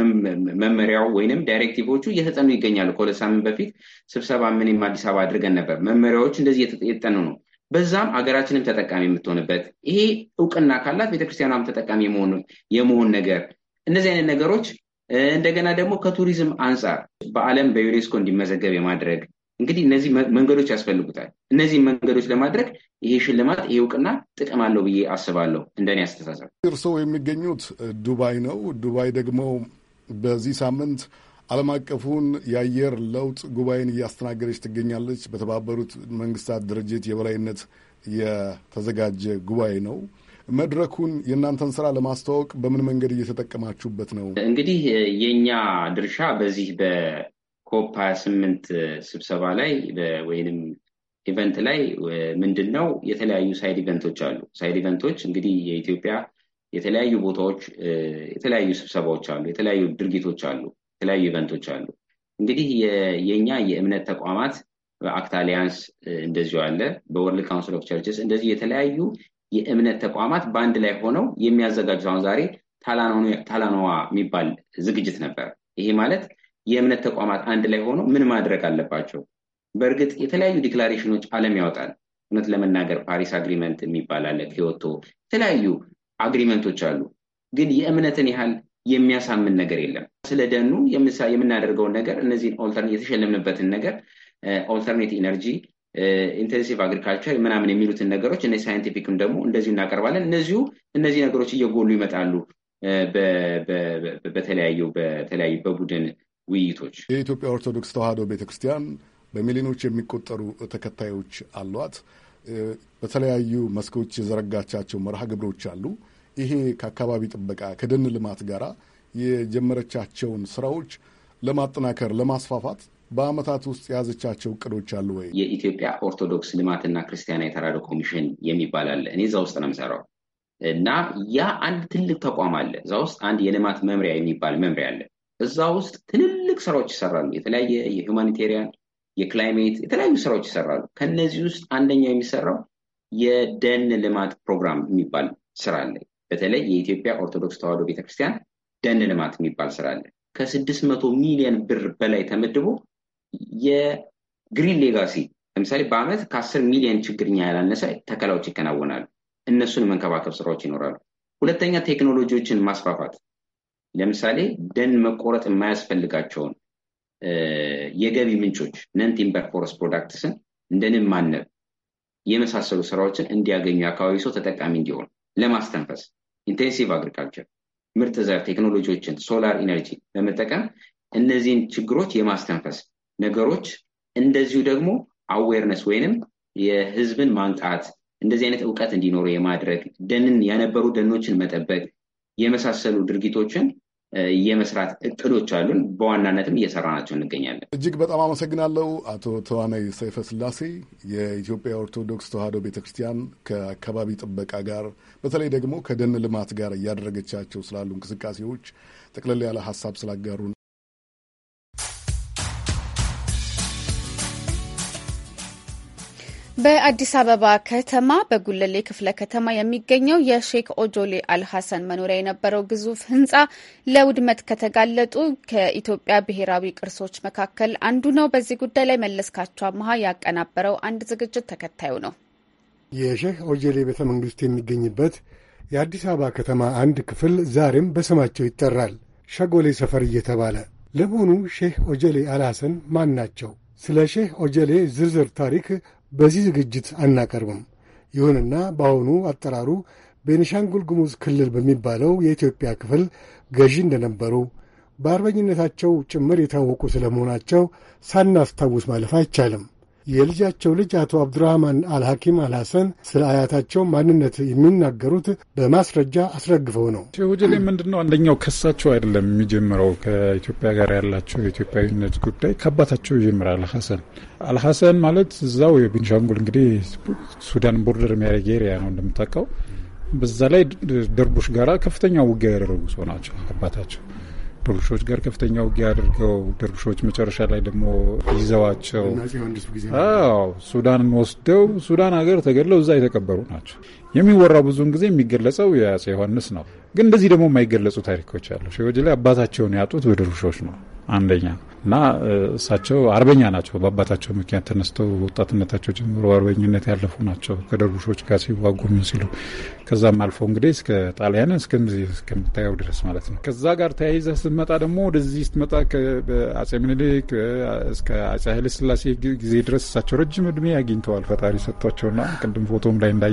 መመሪያው ወይንም ዳይሬክቲቮቹ እየተጠኑ ይገኛሉ። ከሁለት ሳምንት በፊት ስብሰባ ምንም አዲስ አበባ አድርገን ነበር። መመሪያዎች እንደዚህ የተጠኑ ነው። በዛም አገራችንም ተጠቃሚ የምትሆንበት ይሄ እውቅና ካላት ቤተክርስቲያኗም ተጠቃሚ የመሆን ነገር እነዚህ አይነት ነገሮች እንደገና ደግሞ ከቱሪዝም አንጻር በአለም በዩኔስኮ እንዲመዘገብ የማድረግ እንግዲህ እነዚህ መንገዶች ያስፈልጉታል። እነዚህ መንገዶች ለማድረግ ይሄ ሽልማት ይሄ እውቅና ጥቅም አለው ብዬ አስባለሁ። እንደኔ አስተሳሰብ እርስዎ የሚገኙት ዱባይ ነው። ዱባይ ደግሞ በዚህ ሳምንት ዓለም አቀፉን የአየር ለውጥ ጉባኤን እያስተናገደች ትገኛለች። በተባበሩት መንግስታት ድርጅት የበላይነት የተዘጋጀ ጉባኤ ነው። መድረኩን የእናንተን ስራ ለማስተዋወቅ በምን መንገድ እየተጠቀማችሁበት ነው? እንግዲህ የእኛ ድርሻ በዚህ ኮፕ 28 ስብሰባ ላይ ወይንም ኢቨንት ላይ ምንድን ነው የተለያዩ ሳይድ ኢቨንቶች አሉ። ሳይድ ኢቨንቶች እንግዲህ የኢትዮጵያ የተለያዩ ቦታዎች የተለያዩ ስብሰባዎች አሉ፣ የተለያዩ ድርጊቶች አሉ፣ የተለያዩ ኢቨንቶች አሉ። እንግዲህ የእኛ የእምነት ተቋማት በአክት አሊያንስ እንደዚሁ አለ፣ በወርልድ ካውንስል ኦፍ ቸርችስ እንደዚህ የተለያዩ የእምነት ተቋማት በአንድ ላይ ሆነው የሚያዘጋጁት አሁን ዛሬ ታላኖዋ የሚባል ዝግጅት ነበር። ይሄ ማለት የእምነት ተቋማት አንድ ላይ ሆኖ ምን ማድረግ አለባቸው? በእርግጥ የተለያዩ ዲክላሬሽኖች ዓለም ያወጣል። እውነት ለመናገር ፓሪስ አግሪመንት የሚባል አለ፣ ኪዮቶ፣ የተለያዩ አግሪመንቶች አሉ። ግን የእምነትን ያህል የሚያሳምን ነገር የለም። ስለ ደኑ የምናደርገውን ነገር እነዚህን ኦልተርኔት የተሸለምንበትን ነገር ኦልተርኔት ኢነርጂ ኢንቴንሲቭ አግሪካልቸር ምናምን የሚሉትን ነገሮች እነ ሳይንቲፊክም ደግሞ እንደዚሁ እናቀርባለን። እነዚሁ እነዚህ ነገሮች እየጎሉ ይመጣሉ። eh, በተለያዩ በተለያዩ በቡድን ውይይቶች የኢትዮጵያ ኦርቶዶክስ ተዋሕዶ ቤተ ክርስቲያን በሚሊዮኖች የሚቆጠሩ ተከታዮች አሏት። በተለያዩ መስኮች የዘረጋቻቸው መርሃ ግብሮች አሉ። ይሄ ከአካባቢ ጥበቃ ከደን ልማት ጋር የጀመረቻቸውን ስራዎች ለማጠናከር ለማስፋፋት በአመታት ውስጥ የያዘቻቸው እቅዶች አሉ ወይ? የኢትዮጵያ ኦርቶዶክስ ልማትና ክርስቲያና የተራድኦ ኮሚሽን የሚባል አለ። እኔ እዛ ውስጥ ነው የምሰራው እና ያ አንድ ትልቅ ተቋም አለ። እዛ ውስጥ አንድ የልማት መምሪያ የሚባል መምሪያ አለ። እዛ ውስጥ ትልልቅ ስራዎች ይሰራሉ። የተለያየ የሁማኒቴሪያን፣ የክላይሜት የተለያዩ ስራዎች ይሰራሉ። ከነዚህ ውስጥ አንደኛው የሚሰራው የደን ልማት ፕሮግራም የሚባል ስራ አለ። በተለይ የኢትዮጵያ ኦርቶዶክስ ተዋሕዶ ቤተክርስቲያን ደን ልማት የሚባል ስራ አለ። ከስድስት መቶ ሚሊዮን ብር በላይ ተመድቦ የግሪን ሌጋሲ ለምሳሌ በአመት ከአስር ሚሊዮን ችግርኛ ያላነሰ ተከላዎች ይከናወናሉ። እነሱን መንከባከብ ስራዎች ይኖራሉ። ሁለተኛ ቴክኖሎጂዎችን ማስፋፋት ለምሳሌ ደን መቆረጥ የማያስፈልጋቸውን የገቢ ምንጮች ነን ቲምበር ፎረስት ፕሮዳክትስን እንደንም ማነብ የመሳሰሉ ስራዎችን እንዲያገኙ አካባቢ ሰው ተጠቃሚ እንዲሆን ለማስተንፈስ ኢንቴንሲቭ አግሪካልቸር ምርጥ ዘር ቴክኖሎጂዎችን፣ ሶላር ኢነርጂ በመጠቀም እነዚህን ችግሮች የማስተንፈስ ነገሮች፣ እንደዚሁ ደግሞ አዌርነስ ወይንም የህዝብን ማንቃት እንደዚህ አይነት እውቀት እንዲኖሩ የማድረግ ደንን ያነበሩ ደኖችን መጠበቅ የመሳሰሉ ድርጊቶችን የመስራት እቅዶች አሉን። በዋናነትም እየሰራናቸው እንገኛለን። እጅግ በጣም አመሰግናለሁ አቶ ተዋናይ ሰይፈ ስላሴ የኢትዮጵያ ኦርቶዶክስ ተዋሕዶ ቤተክርስቲያን ከአካባቢ ጥበቃ ጋር በተለይ ደግሞ ከደን ልማት ጋር እያደረገቻቸው ስላሉ እንቅስቃሴዎች ጠቅለል ያለ ሀሳብ ስላጋሩን በአዲስ አበባ ከተማ በጉለሌ ክፍለ ከተማ የሚገኘው የሼክ ኦጆሌ አልሐሰን መኖሪያ የነበረው ግዙፍ ህንፃ ለውድመት ከተጋለጡ ከኢትዮጵያ ብሔራዊ ቅርሶች መካከል አንዱ ነው። በዚህ ጉዳይ ላይ መለስካቸው አመሀ ያቀናበረው አንድ ዝግጅት ተከታዩ ነው። የሼክ ኦጆሌ ቤተ መንግስት የሚገኝበት የአዲስ አበባ ከተማ አንድ ክፍል ዛሬም በስማቸው ይጠራል፣ ሸጎሌ ሰፈር እየተባለ። ለመሆኑ ሼህ ኦጀሌ አልሐሰን ማን ናቸው? ስለ ሼህ ኦጀሌ ዝርዝር ታሪክ በዚህ ዝግጅት አናቀርብም። ይሁንና በአሁኑ አጠራሩ ቤኒሻንጉል ጉሙዝ ክልል በሚባለው የኢትዮጵያ ክፍል ገዢ እንደነበሩ በአርበኝነታቸው ጭምር የታወቁ ስለመሆናቸው ሳናስታውስ ማለፍ አይቻልም። የልጃቸው ልጅ አቶ አብዱራህማን አልሐኪም አልሐሰን ስለ አያታቸው ማንነት የሚናገሩት በማስረጃ አስረግፈው ነው። ወንጀል ምንድን ነው? አንደኛው ከሳቸው አይደለም የሚጀምረው። ከኢትዮጵያ ጋር ያላቸው የኢትዮጵያዊነት ጉዳይ ከአባታቸው ይጀምራል። አልሐሰን አልሐሰን ማለት እዛው የቤንሻንጉል እንግዲህ ሱዳን ቦርደር የሚያደርግ ኤሪያ ነው እንደምታውቀው። በዛ ላይ ደርቦች ጋራ ከፍተኛ ውጊያ ያደረጉ ሰው ናቸው አባታቸው ድርብሾች ጋር ከፍተኛ ውጊያ አድርገው ድርብሾች መጨረሻ ላይ ደግሞ ይዘዋቸው ሱዳንን ወስደው ሱዳን ሀገር ተገድለው እዛ የተቀበሩ ናቸው። የሚወራው ብዙውን ጊዜ የሚገለጸው የአፄ ዮሐንስ ነው። ግን እንደዚህ ደግሞ የማይገለጹ ታሪኮች አሉ። ሺዎች ላይ አባታቸውን ያጡት በድርብሾች ነው። አንደኛ ነው። እና እሳቸው አርበኛ ናቸው። በአባታቸው ምክንያት ተነስተው ወጣትነታቸው ጀምሮ አርበኝነት ያለፉ ናቸው። ከደርቡሾች ጋር ሲዋጉ ምን ሲሉ ከዛም አልፎ እንግዲህ እስከ ጣሊያን እስከምታየው ድረስ ማለት ነው። ከዛ ጋር ተያይዘ ስትመጣ ደግሞ ወደዚህ ስትመጣ አጼ ምኒልክ እስከ አጼ ኃይለ ስላሴ ጊዜ ድረስ እሳቸው ረጅም እድሜ አግኝተዋል። ፈጣሪ ሰጥቷቸውና ቅድም ፎቶም ላይ እንዳየኸው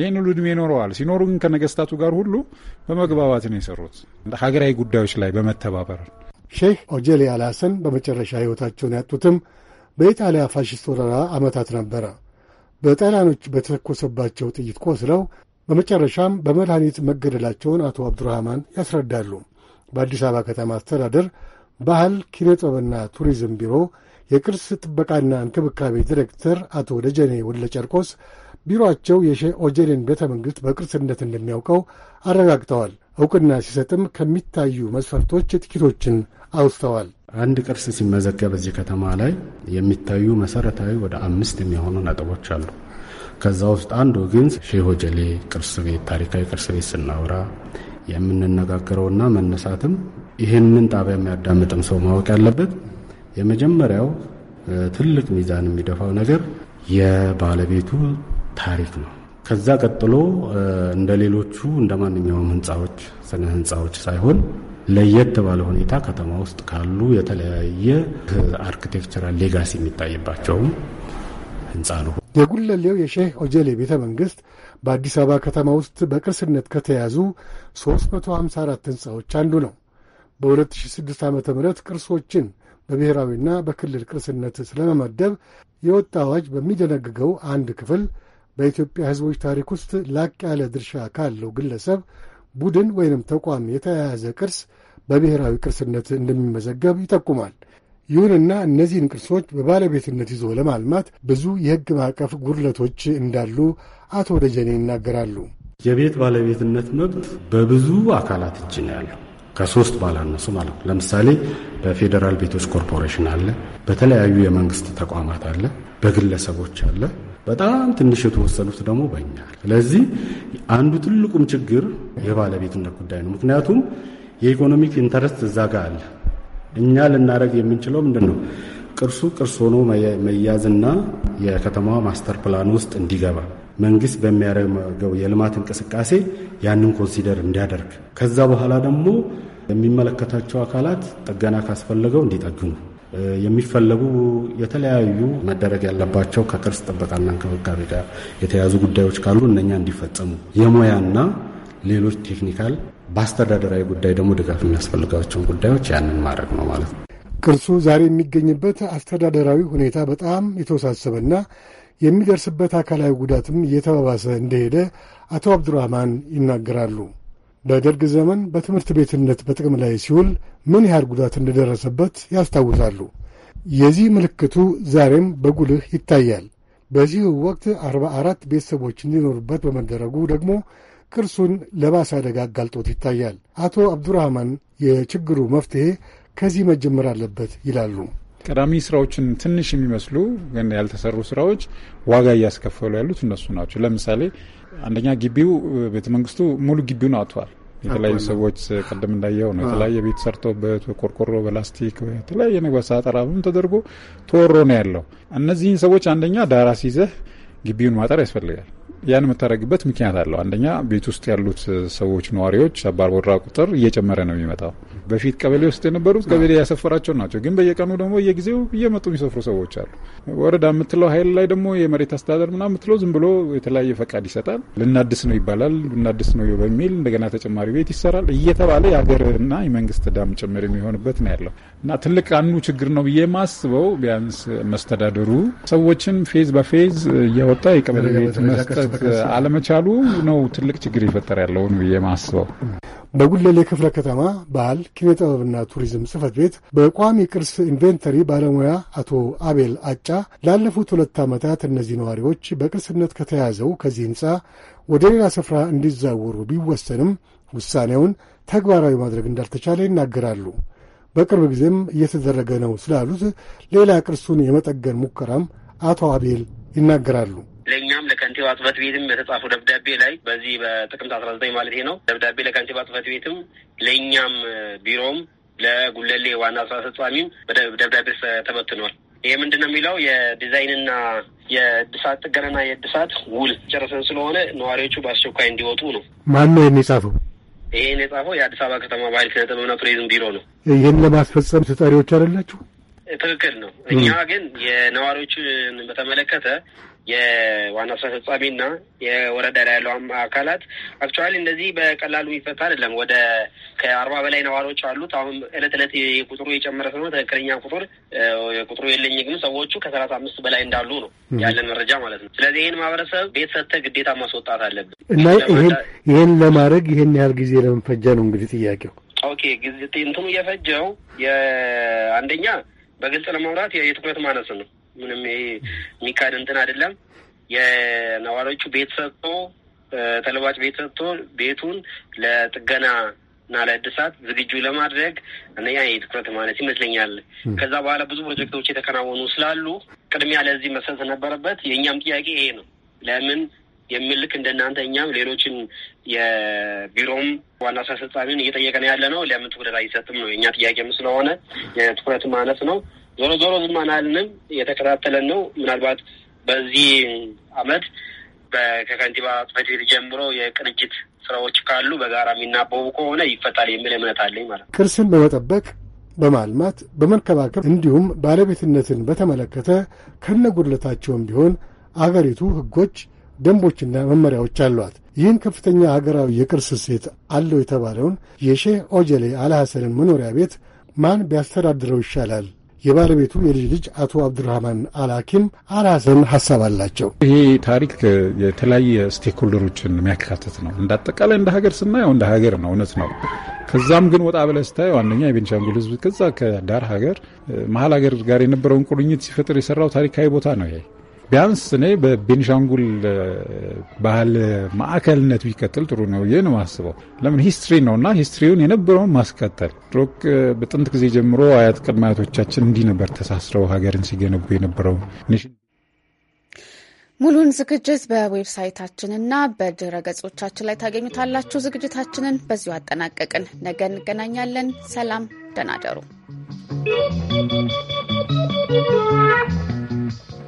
ይህን ሁሉ እድሜ ይኖረዋል። ሲኖሩ ግን ከነገስታቱ ጋር ሁሉ በመግባባት ነው የሰሩት ሀገራዊ ጉዳዮች ላይ በመተባበር ሼህ ኦጀሌ አልሐሰን በመጨረሻ ሕይወታቸውን ያጡትም በኢጣሊያ ፋሽስት ወረራ ዓመታት ነበረ። በጣሊያኖች በተተኮሰባቸው ጥይት ቆስለው በመጨረሻም በመድኃኒት መገደላቸውን አቶ አብዱራህማን ያስረዳሉ። በአዲስ አበባ ከተማ አስተዳደር ባህል ኪነ ጥበብና ቱሪዝም ቢሮ የቅርስ ጥበቃና እንክብካቤ ዲሬክተር አቶ ደጀኔ ወለ ጨርቆስ ቢሮአቸው የሼህ ኦጀሌን ቤተ መንግሥት በቅርስነት እንደሚያውቀው አረጋግጠዋል። እውቅና ሲሰጥም ከሚታዩ መስፈርቶች ጥቂቶችን አውስተዋል። አንድ ቅርስ ሲመዘገብ እዚህ ከተማ ላይ የሚታዩ መሰረታዊ ወደ አምስት የሚሆኑ ነጥቦች አሉ። ከዛ ውስጥ አንዱ ግን ሼህ ቅርስ ቤት ታሪካዊ ቅርስ ቤት ስናወራ የምንነጋገረውና መነሳትም ይህንን ጣቢያ የሚያዳምጥም ሰው ማወቅ ያለበት የመጀመሪያው ትልቅ ሚዛን የሚደፋው ነገር የባለቤቱ ታሪክ ነው። ከዛ ቀጥሎ እንደ ሌሎቹ እንደ ማንኛውም ህንፃዎች ስነ ህንፃዎች ሳይሆን ለየት ባለ ሁኔታ ከተማ ውስጥ ካሉ የተለያየ አርክቴክቸራል ሌጋሲ የሚታይባቸውም ህንፃ ነው። የጉለሌው የሼህ ኦጀሌ ቤተ መንግሥት በአዲስ አበባ ከተማ ውስጥ በቅርስነት ከተያዙ 354 ህንፃዎች አንዱ ነው። በ2006 ዓ ም ቅርሶችን በብሔራዊና በክልል ቅርስነት ስለመመደብ የወጣ አዋጅ በሚደነግገው አንድ ክፍል በኢትዮጵያ ህዝቦች ታሪክ ውስጥ ላቅ ያለ ድርሻ ካለው ግለሰብ ቡድን ወይንም ተቋም የተያያዘ ቅርስ በብሔራዊ ቅርስነት እንደሚመዘገብ ይጠቁማል። ይሁንና እነዚህን ቅርሶች በባለቤትነት ይዞ ለማልማት ብዙ የሕግ ማዕቀፍ ጉድለቶች እንዳሉ አቶ ደጀኔ ይናገራሉ። የቤት ባለቤትነት መብት በብዙ አካላት እጅ ነው ያለው ከሶስት ባላነሱ ማለት ነው። ለምሳሌ በፌዴራል ቤቶች ኮርፖሬሽን አለ፣ በተለያዩ የመንግስት ተቋማት አለ፣ በግለሰቦች አለ፣ በጣም ትንሽ የተወሰኑት ደግሞ በእኛ። ስለዚህ አንዱ ትልቁም ችግር የባለቤትነት ጉዳይ ነው። ምክንያቱም የኢኮኖሚክ ኢንተረስት እዛ ጋር አለ። እኛ ልናደረግ የምንችለው ምንድን ነው? ቅርሱ ቅርስ ሆኖ መያዝና የከተማዋ ማስተር ፕላን ውስጥ እንዲገባ መንግስት በሚያደርገው የልማት እንቅስቃሴ ያንን ኮንሲደር እንዲያደርግ ከዛ በኋላ ደግሞ የሚመለከታቸው አካላት ጥገና ካስፈለገው እንዲጠግኑ የሚፈለጉ የተለያዩ መደረግ ያለባቸው ከቅርስ ጥበቃና እንክብካቤ ጋር የተያዙ ጉዳዮች ካሉ እነኛ እንዲፈጸሙ የሙያና ሌሎች ቴክኒካል በአስተዳደራዊ ጉዳይ ደግሞ ድጋፍ የሚያስፈልጋቸውን ጉዳዮች ያንን ማድረግ ነው ማለት ነው። ቅርሱ ዛሬ የሚገኝበት አስተዳደራዊ ሁኔታ በጣም የተወሳሰበና የሚደርስበት አካላዊ ጉዳትም እየተባባሰ እንደሄደ አቶ አብዱራህማን ይናገራሉ። በደርግ ዘመን በትምህርት ቤትነት በጥቅም ላይ ሲውል ምን ያህል ጉዳት እንደደረሰበት ያስታውሳሉ። የዚህ ምልክቱ ዛሬም በጉልህ ይታያል። በዚህ ወቅት አርባ አራት ቤተሰቦች እንዲኖሩበት በመደረጉ ደግሞ ቅርሱን ለባሰ አደጋ አጋልጦት ይታያል። አቶ አብዱራህማን የችግሩ መፍትሄ ከዚህ መጀመር አለበት ይላሉ። ቀዳሚ ስራዎችን ትንሽ የሚመስሉ ግን ያልተሰሩ ስራዎች ዋጋ እያስከፈሉ ያሉት እነሱ ናቸው። ለምሳሌ አንደኛ ግቢው መንግስቱ ሙሉ ግቢውን አውጥቷል። የተለያዩ ሰዎች ቅድም እንዳየው ነው የተለያየ ቤት ሰርቶበት ቆርቆሮ፣ በላስቲክ የተለያየ ነገር ሳጠራም ተደርጎ ተወሮ ነው ያለው። እነዚህን ሰዎች አንደኛ ዳራ ሲይዘህ ግቢውን ማጠር ያስፈልጋል። ያን የምታደርግበት ምክንያት አለው። አንደኛ ቤት ውስጥ ያሉት ሰዎች ነዋሪዎች አባር ቦራ ቁጥር እየጨመረ ነው የሚመጣው። በፊት ቀበሌ ውስጥ የነበሩት ቀበሌ ያሰፈራቸው ናቸው፣ ግን በየቀኑ ደግሞ የጊዜው እየመጡ የሚሰፍሩ ሰዎች አሉ። ወረዳ የምትለው ኃይል ላይ ደግሞ የመሬት አስተዳደር ምናምን የምትለው ዝም ብሎ የተለያየ ፈቃድ ይሰጣል። ልናድስ ነው ይባላል፣ ልናድስ ነው በሚል እንደገና ተጨማሪ ቤት ይሰራል እየተባለ የሀገርና የመንግስት ዳም ጭምር የሚሆንበት ነው ያለው እና ትልቅ አንዱ ችግር ነው ብዬ ማስበው ቢያንስ መስተዳደሩ ሰዎችን ፌዝ በፌዝ እያወጣ የቀበሌ ቤት መስጠት አለመቻሉ ነው ትልቅ ችግር ይፈጠር ያለውን ብዬ ማስበው። በጉለሌ ክፍለ ከተማ ባህል ኪነ ጥበብና ቱሪዝም ጽህፈት ቤት በቋሚ ቅርስ ኢንቬንተሪ ባለሙያ አቶ አቤል አጫ ላለፉት ሁለት ዓመታት እነዚህ ነዋሪዎች በቅርስነት ከተያዘው ከዚህ ህንፃ ወደ ሌላ ስፍራ እንዲዛወሩ ቢወሰንም ውሳኔውን ተግባራዊ ማድረግ እንዳልተቻለ ይናገራሉ። በቅርብ ጊዜም እየተደረገ ነው ስላሉት ሌላ ቅርሱን የመጠገን ሙከራም አቶ አቤል ይናገራሉ። ለእኛም ለከንቲባ ጽሕፈት ቤትም የተጻፉ ደብዳቤ ላይ በዚህ በጥቅምት አስራ ዘጠኝ ማለት ነው ደብዳቤ ለከንቲባ ጽሕፈት ቤትም ለእኛም ቢሮም ለጉለሌ ዋና ስራ አስፈጻሚም ደብዳቤ ተበትኗል። ይህ ምንድን ነው የሚለው የዲዛይንና የእድሳት ጥገናና የእድሳት ውል ጨረሰን ስለሆነ ነዋሪዎቹ በአስቸኳይ እንዲወጡ ነው። ማን ነው የጻፈው? ይህን የጻፈው የአዲስ አበባ ከተማ ባህል ኪነ ጥበብና ቱሪዝም ቢሮ ነው። ይህን ለማስፈጸም ተጠሪዎች አይደላችሁ? ትክክል ነው። እኛ ግን የነዋሪዎችን በተመለከተ የዋና ስራ አስፈጻሚና የወረዳ ላይ ያለው አካላት አክቹዋሊ እንደዚህ በቀላሉ የሚፈታ አይደለም። ወደ ከአርባ በላይ ነዋሪዎች አሉት። አሁን እለት እለት ቁጥሩ የጨመረ ስለሆነ ትክክለኛ ቁጥር ቁጥሩ የለኝ፣ ግን ሰዎቹ ከሰላሳ አምስት በላይ እንዳሉ ነው ያለን መረጃ ማለት ነው። ስለዚህ ይህን ማህበረሰብ ቤት ሰጥተህ ግዴታ ማስወጣት አለብን እና ይህን ይህን ለማድረግ ይህን ያህል ጊዜ ለመፈጃ ነው እንግዲህ ጥያቄው። ኦኬ ጊዜ እንትኑ እየፈጀው የአንደኛ በግልጽ ለማውራት የትኩረት ማነስ ነው። ምንም ይሄ የሚካድ እንትን አይደለም። የነዋሪዎቹ ቤት ሰጥቶ ተለዋጭ ቤት ሰጥቶ ቤቱን ለጥገና እና ለእድሳት ዝግጁ ለማድረግ አንደኛ የትኩረት ማለት ይመስለኛል። ከዛ በኋላ ብዙ ፕሮጀክቶች የተከናወኑ ስላሉ ቅድሚያ ለዚህ መሰረት ነበረበት። የእኛም ጥያቄ ይሄ ነው። ለምን የሚልክ እንደናንተ እኛም ሌሎችን የቢሮም ዋና ስራ አስፈጻሚን እየጠየቀ ነው ያለ ነው። ለምን ትኩረት አይሰጥም ነው የእኛ ጥያቄም ስለሆነ የትኩረት ማለት ነው። ዞሮ ዞሮ ዝም አልንም፣ እየተከታተለን ነው። ምናልባት በዚህ አመት ከከንቲባ ጽሕፈት ቤት ጀምሮ የቅንጅት ስራዎች ካሉ በጋራ የሚናበቡ ከሆነ ይፈታል የሚል እምነት አለኝ ማለት ነው። ቅርስን በመጠበቅ በማልማት በመንከባከብ እንዲሁም ባለቤትነትን በተመለከተ ከነጉድለታቸውም ቢሆን አገሪቱ ህጎች ደንቦችና መመሪያዎች አሏት። ይህን ከፍተኛ ሀገራዊ የቅርስ እሴት አለው የተባለውን የሼህ ኦጀሌ አልሐሰንን መኖሪያ ቤት ማን ቢያስተዳድረው ይሻላል የባለቤቱ የልጅ ልጅ አቶ አብዱራህማን አልሐኪም አልሐሰን ሀሳብ አላቸው። ይሄ ታሪክ የተለያየ ስቴክሆልደሮችን የሚያካትት ነው። እንዳጠቃላይ እንደ ሀገር ስናየው እንደ ሀገር ነው፣ እውነት ነው። ከዛም ግን ወጣ ብለህ ስታየው አንደኛ የቤንሻንጉል ሕዝብ ከዛ ከዳር ሀገር መሀል ሀገር ጋር የነበረውን ቁርኝት ሲፈጥር የሰራው ታሪካዊ ቦታ ነው ይሄ ቢያንስ እኔ በቤንሻንጉል ባህል ማዕከልነት ቢቀጥል ጥሩ ነው ብዬ ነው የማስበው። ለምን ሂስትሪ ነው እና ሂስትሪውን የነበረውን ማስቀጠል ድሮክ በጥንት ጊዜ ጀምሮ አያት ቅድመ አያቶቻችን እንዲህ ነበር ተሳስረው ሀገርን ሲገነቡ የነበረው። ሙሉን ዝግጅት በዌብሳይታችንና በድረ ገጾቻችን ላይ ታገኙታላችሁ። ዝግጅታችንን በዚሁ አጠናቀቅን። ነገ እንገናኛለን። ሰላም፣ ደህና ደሩ።